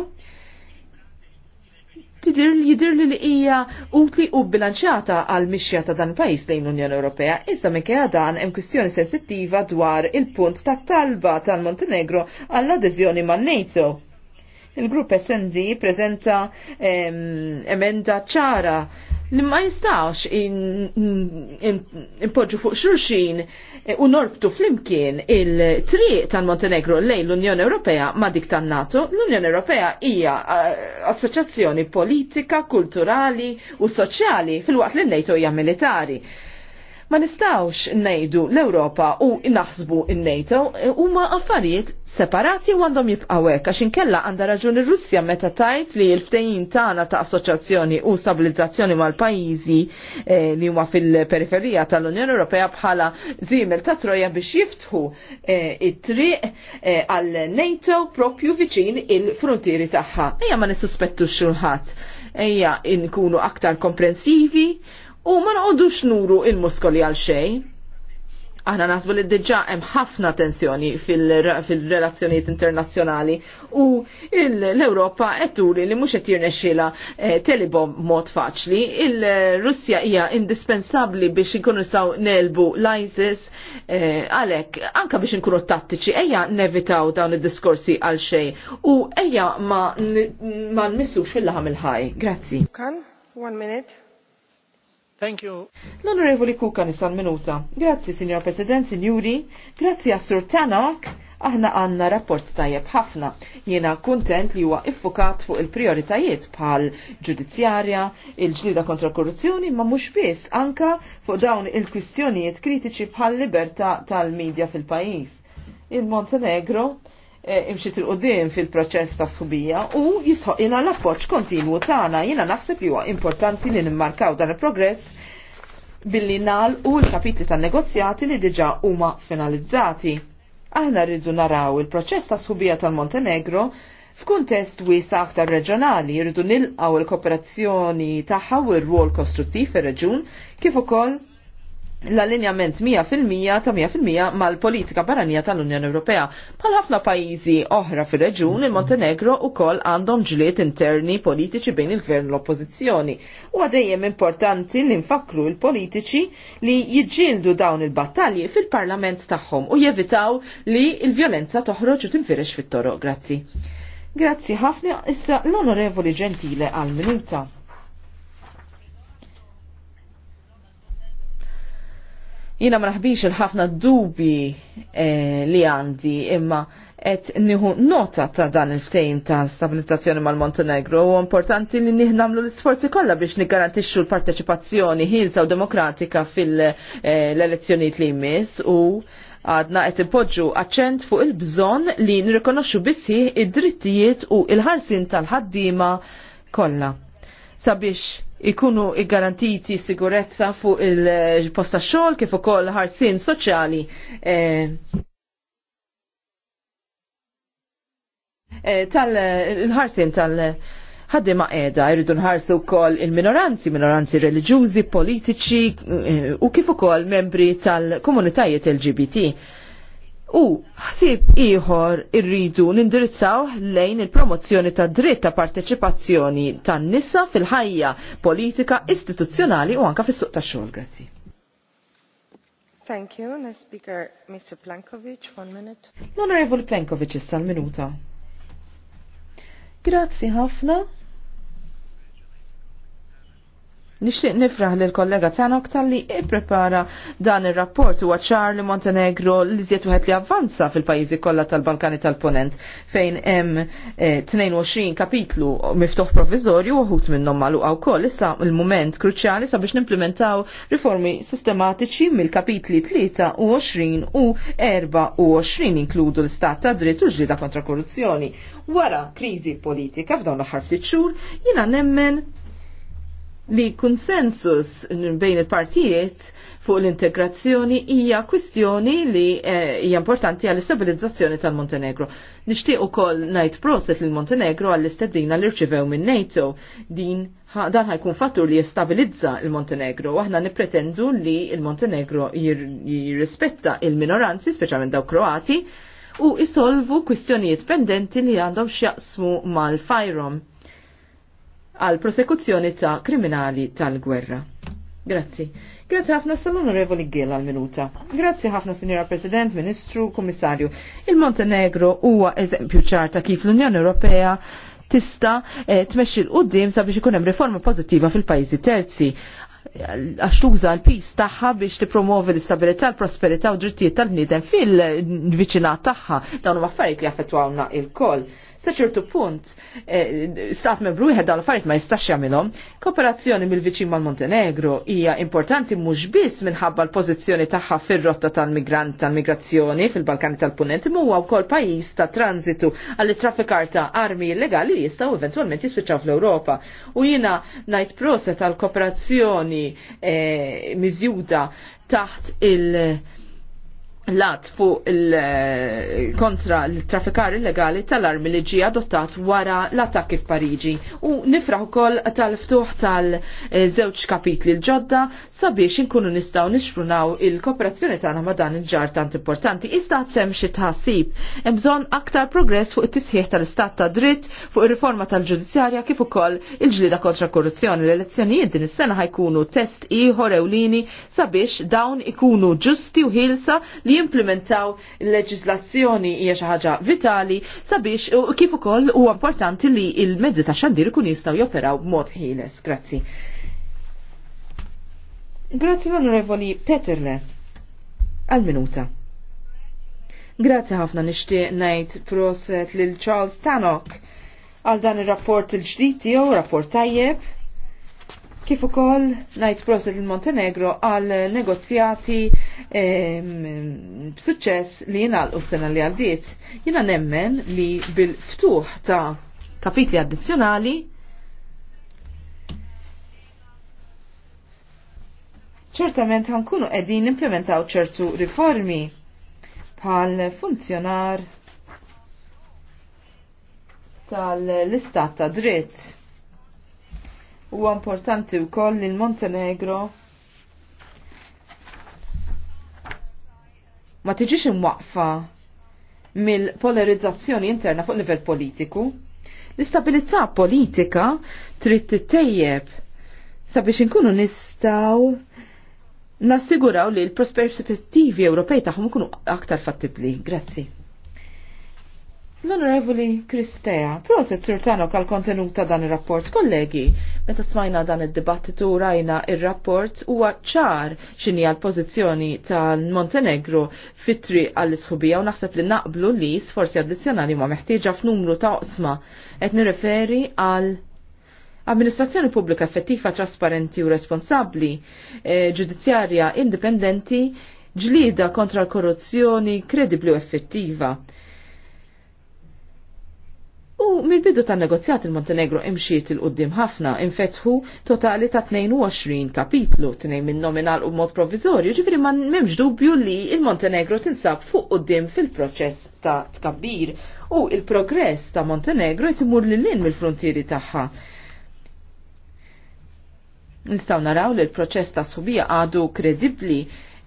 Speaker 3: tidir li jidir li li hija utli u bilanċata għal mixja ta' dan pajis lejn l-Unjoni Ewropea, iżda minkejja dan hemm kwistjoni sensittiva dwar il-punt ta' talba tal-Montenegro għall-adeżjoni man-NATO. Il-grupp SND prezenta emenda ċara li ma jistawx impoġġu fuq xurxin eh, u norbtu flimkien il-triq tal-Montenegro lejn l-Unjoni Ewropea ma dik tan-NATO. L-Unjoni Ewropea hija eh, assoċjazzjoni politika, kulturali u soċjali fil-waqt li NATO hija militari. Ma nistawx nejdu l-Europa u naħsbu in nato huma affarijiet separati u għandhom jibqawek, għax inkella għandha raġun il russja meta tajt li l-ftehim tagħna ta' assoċjazzjoni u stabilizzazzjoni mal-pajjiżi eh, li huma fil-periferija tal-Unjoni Ewropea bħala żiemel ta' Troja biex jiftħu eh, it-triq eh, għal eh, NATO propju viċin il-frontieri tagħha. Ejja ma nissuspettux xulħat. Ejja nkunu aktar komprensivi u ma noqogħdux nuru il-muskoli għal xejn. Aħna nasbu li diġà hemm ħafna tensjoni fil-relazzjonijiet internazzjonali u l-Ewropa qed turi li mhux qed jirnexxilha eh, telibom mod faċli. Il-Russja hija indispensabbli biex inkunu saw nelbu l-ISIS eh, għalhekk anke biex inkunu tattiċi ejja nevitaw dawn id-diskorsi għal xejn u ejja ma nmissux fil-laħam il-ħaj. Grazzi. one minute. Thank you. L-Onorevoli Kuka nisan minuta. Grazzi, Signor President, Signori. Grazzi Assur sur Aħna għanna rapport tajjeb ħafna. Jiena kuntent li huwa iffukat fuq il-prioritajiet bħal ġudizzjarja, il-ġlida kontra korruzzjoni, ma mhux biss anka fuq dawn il-kwistjonijiet kritiċi bħal libertà tal-medja fil-pajjiż. Il-Montenegro Eh, imxit il qudiem fil-proċess ta' subija u jistħoqina l-appoċ kontinwu tagħna jiena naħseb li huwa importanti li nimmarkaw dan il-progress billi nal u l-kapitli tan negozjati li diġa huma finalizzati. Aħna rridu naraw il-proċess ta' subija tal-Montenegro f'kuntest wiesa aktar reġjonali rridu nilqaw il-kooperazzjoni tagħha u r-rwol kostruttiv fir-reġun kif ukoll l-allinjament 100% ta' 100% mal-politika barranija tal-Unjoni Ewropea. Pal ħafna pajjiżi oħra fir-reġun, il-Montenegro ukoll għandhom ġlied interni politiċi bejn il-gvern l-oppożizzjoni. U għadejjem importanti li nfakru l-politiċi li jiġġieldu dawn il-battalji fil-parlament tagħhom u jevitaw li l-vjolenza toħroġ u tinfirex fit-toroq. Grazzi. Grazzi ħafna issa l-Onorevoli Ġentile għal-Minuta. Jina ma naħbix il-ħafna dubi eh, li għandi imma et niħu nota ta' dan il-ftejn ta' stabilizzazzjoni mal-Montenegro u importanti li niħnamlu l-sforzi kollha biex nigarantixxu l-parteċipazzjoni ħilsa u demokratika fil-elezzjonijiet li jmiss u għadna qed ipoġġu aċċent fuq il-bżonn li nirrikonoxxu bissi id-drittijiet u il-ħarsin tal-ħaddiema kollha. Sabiex ikunu garantiti sigurezza fuq il-posta xogħol kif ukoll ħarsin soċjali. tal-ħarsin eh, eh, tal ħaddima qiegħda jridu nħarsu wkoll il-minoranzi, minoranzi reliġjużi, politiċi eh, u kif ukoll membri tal-komunitajiet LGBT U ħsib ieħor irridu nindirizzaw lejn il-promozzjoni ta' dritt ta' parteċipazzjoni tan nisa fil-ħajja politika, istituzzjonali u anka fis-suq tax-xogħol. Grazzi. Thank you. Next speaker, Mr. Plankovic, one minute. l Plankovic issa l-minuta. Grazzi ħafna. Nixtieq nifraħ lil kollega tagħna aktar li ipprepara dan ir-rapport huwa ċar li Montenegro li żiet wieħed li avvanza fil-pajjiżi kollha tal-Balkani tal-Ponent fejn hemm 22 eh, kapitlu miftuħ proviżorju uħut minnhom magħluqa wkoll issa l-mument kruċjali sabiex nimplementaw riformi sistematiċi mill-kapitli 23 u 24 inkludu l-istat ta' dritt u ġlida kontra korruzzjoni. Wara kriżi politika f'dawn l-aħħar ftit xhur jiena nemmen li konsensus bejn il-partijiet fuq l-integrazzjoni hija kwistjoni li eh, hija importanti għall istabilizzazzjoni tal-Montenegro. Nixtieq ukoll ngħid proset lil Montenegro għall istedina li rċivew minn NATO. Din dan ħajkun fattur li jistabilizza il-Montenegro. Aħna nippretendu li il-Montenegro jirrispetta il-minoranzi, speċjalment daw Kroati, u isolvu kwistjonijiet pendenti li għandhom x'jaqsmu mal-fajrom għal prosekuzzjoni ta' kriminali tal-gwerra. Grazzi. Grazzi ħafna sal-Onorevoli Gill għal-minuta. Grazzi ħafna Sinjora President, Ministru, Kummissarju. Il-Montenegro huwa eżempju ċarta kif l-Unjoni Ewropea tista eh, tmexxi l-qudiem sabiex ikun hemm riforma pożittiva fil-pajjiżi terzi għax tuża l-pis tagħha biex tippromovi l-istabilità, l-prosperità u drittijiet tal-bniedem fil-viċinat tagħha dawn huma affarijiet li affettwawna il-koll ċertu punt, eh, stat membru jħed dal-affarijiet ma jistax jagħmilhom. Kooperazzjoni mill-viċin mal-Montenegro hija importanti mhux biss minħabba l-pożizzjoni tagħha fir-rotta tal-migrant tal-migrazzjoni fil-Balkani tal-Punent imma huwa wkoll pajjiż ta' tranzitu għall traffikar ta' armi illegali li jistgħu eventwalment jispiċċaw fl-Ewropa. U jiena ngħid proset tal-kooperazzjoni eh, miżjuda taħt il- lat fuq il-kontra eh, l-traffikar illegali tal-armi li ġie adottat wara l-attakki f'Pariġi u nifraħ ukoll tal-ftuħ tal-żewġ kapitli l-ġodda sabiex inkunu nistgħu nisprunaw il-kooperazzjoni tagħna ma' dan il-ġar tant importanti. Iżda sem xi tħassib hemm bżonn aktar progress fuq it-tisħiħ tal-istat ta' dritt fuq ir-riforma tal-ġudizzjarja kif ukoll il-ġlida kontra korruzzjoni l-elezzjonijiet din is-sena ħajkunu test ieħor ewlieni sabiex dawn ikunu ġusti u ħilsa li jimplementaw il-leġislazzjoni hija xi ħaġa vitali sabiex u kif ukoll huwa importanti li il-mezzi ta' xandir ikun jistgħu joperaw b'mod ħieles. Grazzi. Grazzi l-Onorevoli Peterle. Għal-minuta. Grazzi ħafna nixtieq ngħid proset lil Charles Tanok għal dan ir-rapport il-ġdid tiegħu, rapport tajjeb, kif ukoll ngħid proset il-Montenegro għal negozjati b'suċċess li jingħalqu s-sena li għaddiet. Jiena nemmen li bil-ftuħ ta' kapitli addizzjonali ċertament ħankunu qegħdin implementaw ċertu riformi bħal funzjonar tal-istat ta' dritt Huwa importanti wkoll li l-Montenegro ma tiġix imwaqfa mill-polarizzazzjoni interna fuq livell politiku. L-istabilità politika trid tittejjeb sabiex inkunu nistaw nassiguraw li l-prospettivi Ewropej tagħhom ikunu aktar fattibli. Grazzi. L-Onorevoli Kristea, proset surtano kal kontenut ta' dan il-rapport, kollegi, meta smajna dan il-dibattitu rajna il-rapport huwa ċar xini għal pozizjoni tal-Montenegro fitri għall isħubija u naħseb li naqblu li sforzi addizjonali ma meħtieġa f'numru ta' osma qed nirreferi għal amministrazzjoni pubblika effettiva, trasparenti u responsabli, eh, ġudizzjarja indipendenti, ġlida kontra l-korruzzjoni kredibli u effettiva U mill-bidu tan negozjat il-Montenegro imxiet il-qoddim ħafna infetħu totali ta' 22 kapitlu tnejn minn nominal u mod provizorju ġifri ma' memx dubju li il-Montenegro tinsab fuq qoddim fil-proċess ta' tkabbir u il-progress ta' Montenegro jtimur li l mill-frontieri tagħha. Nistaw naraw li l-proċess ta' subija għadu kredibli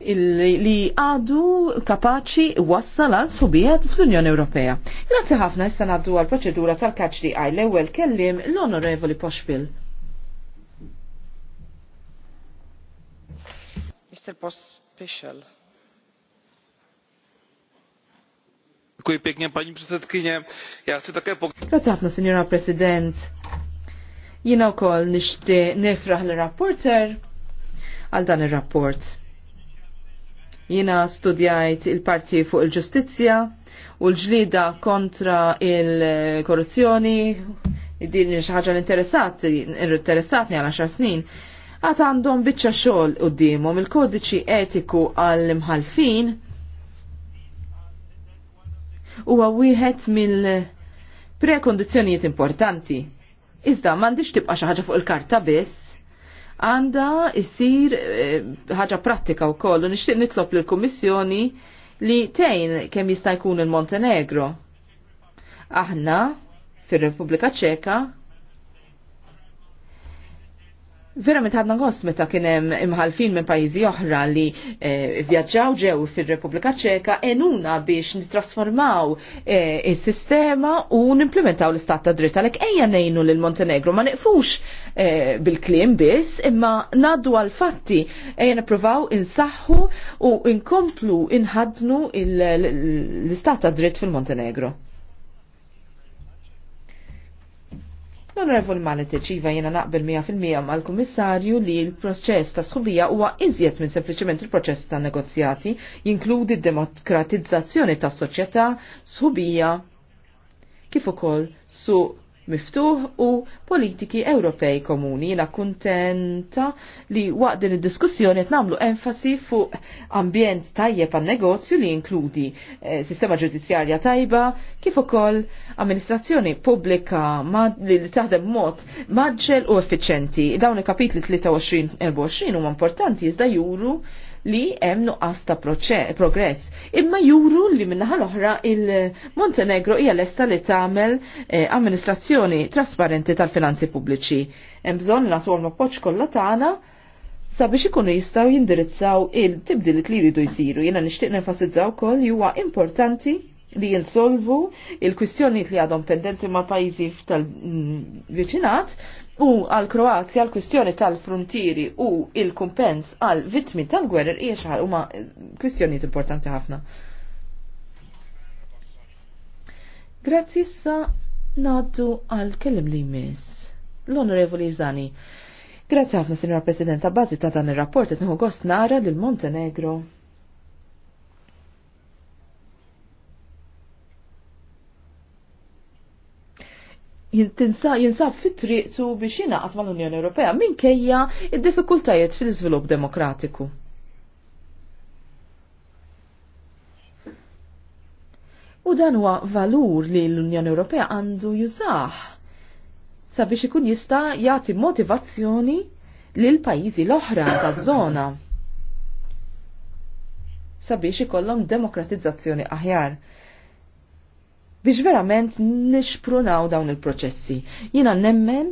Speaker 3: li għadu kapaċi wassal għal subiet fl-Unjoni Ewropea. Grazzi ħafna issa naddu għal proċedura tal-kaċ li għaj l-ewel kellim l-Onorevoli Poshpil. Mr. Poshpil.
Speaker 1: Dziękuję pięknie pani przewodniczący. Ja chcę takie
Speaker 3: Grazie ħafna, signora President. Jina u koll nishti nifraħ l-rapporter għal dan il-rapport Jina studjajt il-parti fuq il-ġustizja u l-ġlida kontra il-korruzzjoni, din xaħġa l-interessati, interessatni għal 10 snin, għat għandhom bicċa xol u dimom il-kodiċi etiku għall-imħalfin u għawihet mill-prekondizjonijiet importanti. Iżda mandiċ tibqa xaħġa fuq il-karta biss, għanda jisir eh, ħaġa e, prattika u kollu nishtiq nitlob l-Kommissjoni li tejn kemm jista' jkun il-Montenegro. Aħna fir-Repubblika Ċeka Verament ħadna gost meta kien hemm imħalfin minn pajjiżi oħra li eh, vjaġġaw ġew fir-Repubblika Ċeka enuna biex nitrasformaw eh, is-sistema u nimplementaw l-istat ta' dritt għalhekk ejja ngħinu lill Montenegro ma neqfux eh, bil-kliem biss imma ngħaddu għal fatti ejja nippruvaw insaħħu u inkomplu inħadnu l-istat ta' dritt fil-Montenegro. L-Onorevol Malet iva jena naqbel 100% mal-Kummissarju li l-proċess ta' sħubija huwa iżjed minn sempliċement il-proċess ta' negozjati, jinkludi demokratizzazzjoni ta' soċjetà, sħubija, kif ukoll su miftuħ u politiki Ewropej komuni. Jina kuntenta li waqt din id-diskussjoni qed nagħmlu enfasi fuq ambjent tajjeb għan negozju li inkludi eh, sistema ġudizzjarja tajba kif ukoll amministrazzjoni pubblika li taħdem mod maġġel u effiċenti. Dawn il-kapitli 23-24 huma importanti iżda juru li hemm nuqqas ta' progress. Imma juru li minnaħa l-oħra il-Montenegro hija lesta li tagħmel eh, amministrazzjoni trasparenti tal-finanzi pubbliċi. Hemm bżonn nagħtu l-mappoġġ kollha tagħna sabiex ikunu jistgħu jindirizzaw il-tibdilit li jridu jsiru. Jiena nixtieq nenfasizzaw ukoll li huwa importanti li jinsolvu il-kwistjonijiet li għadhom pendenti ma' pajjiżi tal-viċinat mm, U għal Kroazja l-kwistjoni tal-frontieri u il-kumpens għal vittmi tal-gwerer hija għal huma kwistjonijiet importanti ħafna. Grazzi issa ngħaddu għal kellim li jmiss. L-Onorevoli Zani. Grazzi ħafna, Signor President, ta' bażi ta' dan ir-rapport qed gost nara lil Montenegro jinsab fit-triqtu biex jinaqat mal-Unjoni Ewropea minkejja id-diffikultajiet fil-iżvilupp demokratiku. U dan huwa valur li l-Unjoni Ewropea għandu jużah sabiex ikun jista' jagħti motivazzjoni lil pajjiżi l-oħra taż-żona sabiex ikollhom demokratizzazzjoni aħjar biex verament nixprunaw dawn il-proċessi. Jina nemmen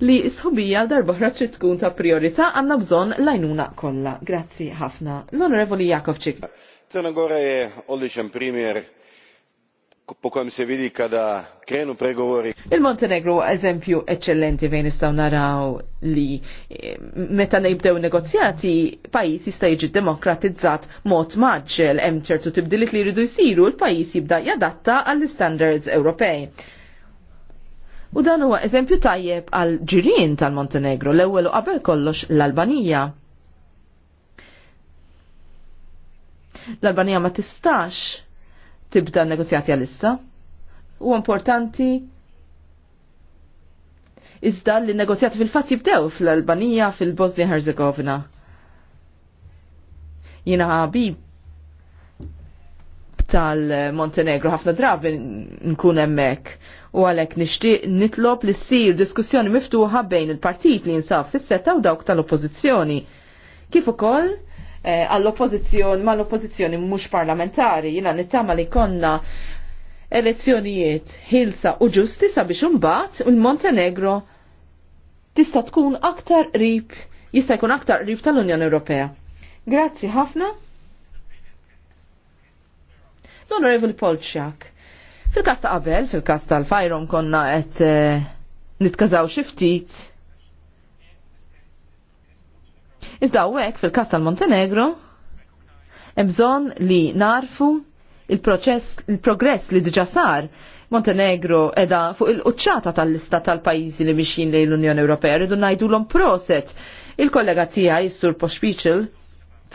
Speaker 3: li sħubija darbohra trid tkun ta' priorità għandna bżonn lajnuna kollha. Grazzi ħafna. L-Onorevoli Jakovċik.
Speaker 1: Tena Gora Olli odličan
Speaker 3: Il-Montenegro eżempju eccellenti fejn nistgħu naraw li eh, meta nibdew negozjati pajjiż jista' jiġi demokratizzat mod maġġel hemm ċertu tibdilit li jridu jsiru l-pajjiż jibda jadatta għall-standards Ewropej. U dan huwa eżempju tajjeb għal ġirien tal-Montenegro l-ewwel u qabel kollox l-Albanija. L-Albanija ma tistax tibda negozjati għalissa. U importanti iżda li negozjati fil-fatt jibdew fl-Albanija, fil-Bosnia Herzegovina. Jina ħabib tal-Montenegro ħafna drabi nkun hemmhekk u għalhekk nixtieq nitlob li ssir diskussjoni miftuħa bejn il-partit li jinsab fis-seta u dawk tal-Oppożizzjoni. Kif ukoll Eh, għall-oppozizjoni ma l-oppozizjoni mhux parlamentari jina nittama li konna elezzjonijiet ħilsa u ġusti sabiex imbagħad u l-Montenegro tista' tkun aktar rib jista' jkun aktar qrib tal-Unjoni Ewropea. Grazzi ħafna. L-Onorevoli Polċak. fil kasta ta' qabel, fil kasta tal-fajrom konna qed eh, nitkażaw xi ftit Iżda hekk fil kas tal-Montenegro hemm bżonn li narfu il-proċess il-progress li diġà sar Montenegro edha fuq il-qċata tal-lista tal-pajjiżi li mixin lejn l-Unjoni Ewropea rridu ngħidulhom proset. Il-kollega tiegħi is-Sur Pospiċil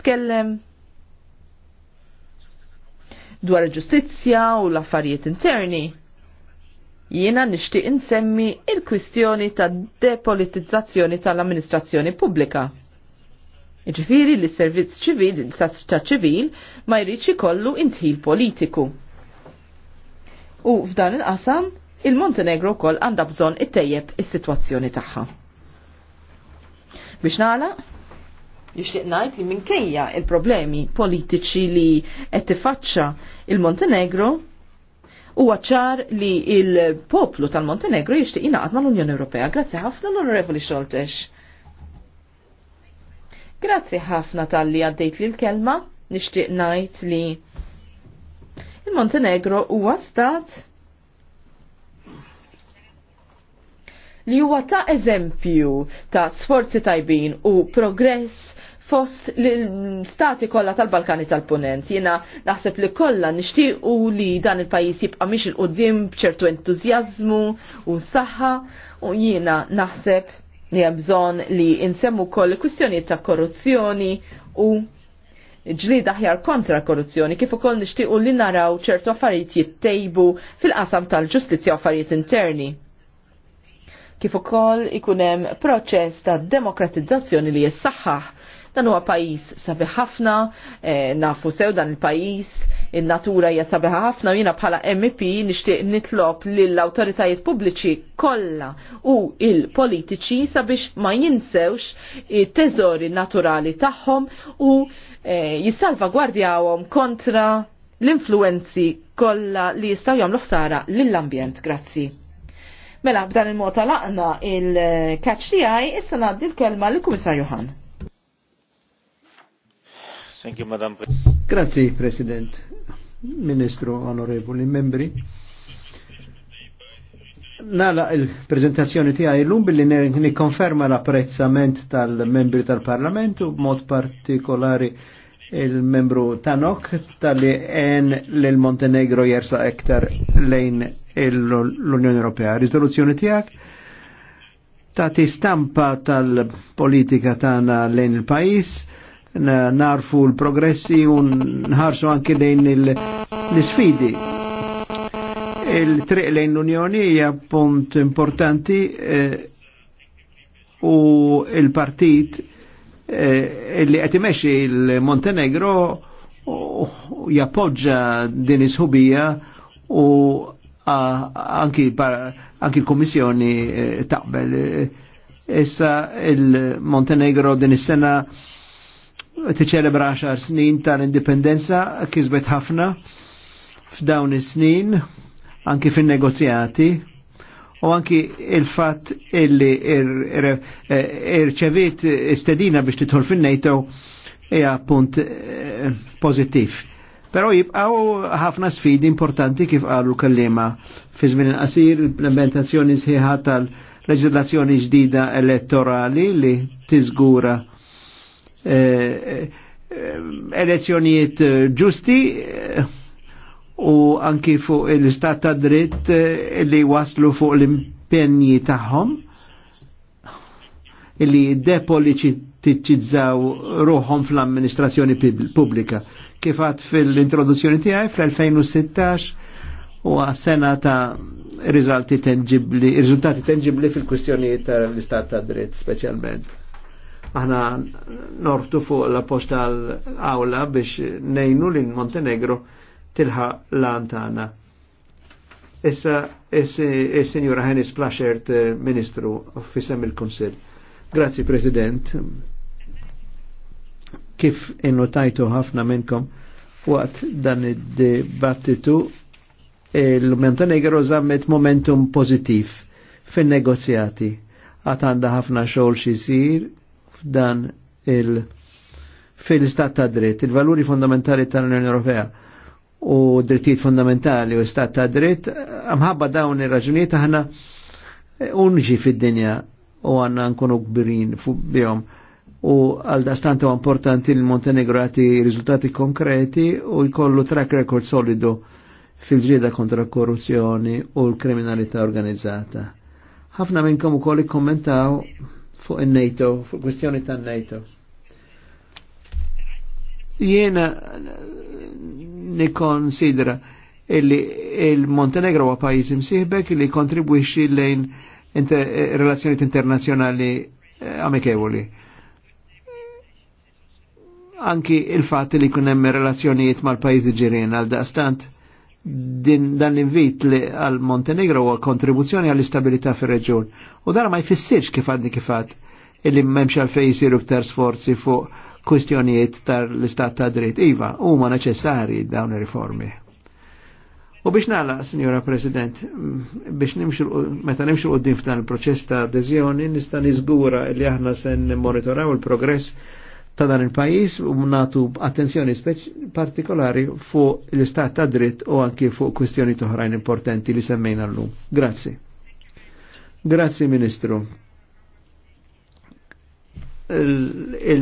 Speaker 3: tkellem dwar il-ġustizzja u l-affarijiet interni. Jiena nixtieq insemmi il-kwistjoni ta' depolitizzazzjoni tal-amministrazzjoni pubblika. Ġifiri li s-servizz ċivil, ta' ċivil, ma jridx ikollu intħil politiku. U f'dan il-qasam, il-Montenegro kol għanda bżon it-tejjeb is-sitwazzjoni tagħha. Biex nagħlaq? Jixtieq ngħid li minkejja il-problemi politiċi li qed tiffaċċa il-Montenegro huwa ċar li il-poplu tal-Montenegro jixtieq jingħaqad mal-Unjoni Ewropea. Grazzi ħafna l-Onorevoli Xoltex. Grazzi ħafna tal-li għaddejt li l-kelma, nishtiq najt li il-Montenegro huwa stat li huwa ta' eżempju ta' sforzi tajbin u progress fost l-stati kollha tal-Balkani tal-Punent. Jiena naħseb li kollha nixtiequ li dan il-pajjiż jibqa' miex il qudiem b'ċertu entużjażmu u saħħa u jiena naħseb li hemm bżonn li insemmu wkoll kwistjonijiet ta' korruzzjoni u ġlid aħjar kontra korruzzjoni kif ukoll nixtiequ li naraw ċertu affarijiet jittejbu fil-qasam tal-ġustizzja u affarijiet interni. Kif ukoll ikun hemm proċess ta' demokratizzazzjoni li jissaħħaħ dan huwa pajjiż sabi ħafna, eh, nafu sew dan il-pajjiż in-natura hija sabiħa ħafna u jiena bħala MEP nixtieq nitlob lill-awtoritajiet pubbliċi kollha u il-politiċi sabiex ma jinsewx it-teżori naturali tagħhom u e, jissalvagwardjawhom kontra l-influenzi kollha li jistgħu jagħmlu ħsara lill-ambjent. Grazzi. Mela b'dan il-mod laqna il-catch tiegħi issa ngħaddi l-kelma lill-Kummissar Johan.
Speaker 2: Thank you, Madam President.
Speaker 1: Grazie, President. Ministru Onorevoli Membri. Nala il-prezentazzjoni tiegħi llum billi nikkonferma l-apprezzament tal-membri tal-Parlamentu b'mod partikolari il-membru Tanok tal-li en l-Montenegro jersa ektar lejn l-Unjoni Ewropea. Rizoluzzjoni tiegħek ta' stampa tal-politika tagħna lejn il-pajis narfu l-progressi u nħarsu anki lejn l-sfidi. Il-triq lejn l-Unjoni hija punt importanti eh, u il-partit eh, li qed imexxi il-Montenegro jappoġġa din is-ħubija u anki l-Kummissjoni eh, taqbel. Issa il-Montenegro din is-sena tiċelebra 10 snin tal-indipendenza kisbet ħafna f'dawn is-snin anki fin-negozjati u anki il-fatt illi eh, irċevit istedina biex titħol fin-NATO hija punt eh, pożittiv. Però jibqaw ħafna sfidi importanti kif qalu kellima fi żmien qasir l-implementazzjoni sħiħa tal-leġislazzjoni ġdida elettorali li tiżgura Eh, eh, elezzjonijiet eh, ġusti u anki fuq l-istat ta' dritt li waslu fuq l-impenji tagħhom li depoliċitizzaw ruħom fl-amministrazzjoni pubblika. Kifat fil-introduzzjoni tiegħi fl-2016 u sena ta' riżultati tangibli, riżultati fil-kwistjonijiet tal-istat ta' dritt speċjalment Aħna nortu fuq la posta awla biex nejnu l Montenegro tilħa l-antana. Issa, il e Signora Hennis Plashert, Ministru uffisem il-Konsil. Grazzi, President. Kif innotajtu ħafna minnkom waqt dan id-dibattitu il-Montenegro zammet momentum pozitiv fin negozjati Għat għanda ħafna xogħol xisir f'dan il- fil-istat ta' dritt, il-valuri fondamentali tal-Unjoni Ewropea u drittijiet fondamentali u istat ta' dritt, amħabba dawn ir-raġunijiet aħna unġi fid-dinja u għanna nkunu kbirin bihom. U għal dastanti importanti il montenegro għati riżultati konkreti u jkollu track record solidu fil-ġrieda kontra korruzzjoni u l-kriminalità organizzata. ħafna minnkom ukoll ikkommentaw fuq il-NATO, fuq kwestjoni ta' NATO. Jena nikonsidra illi il-Montenegro huwa pajjiż imsieħbek li kontribwixxi lejn relazzjoni relazzjonijiet internazzjonali eh, amikevoli. Anki il-fatt li kunem hemm relazzjonijiet mal-pajjiżi ġirien għal daqstant din dan l-invit li għal Montenegro u kontribuzzjoni għall istabilità fir reġjun U dara ma jfissirx kif għadni kifat illi memx għalfej jisiru ktar sforzi fuq kwistjonijiet tal-istat ta' dritt. Iva, huma neċessari dawn ir-riformi. U biex nala, Signora President, biex nimxu, meta nimxu l-qoddim f'dan il-proċess ta' adeżjoni, nista' niżgura li aħna sen monitoraw il-progress ta' dan il-pajis u natu attenzjoni partikolari fuq l-istat ta' dritt u anki fuq kwestjoni toħrajn importanti li semmejna l-lum. Grazzi. Grazzi Ministru.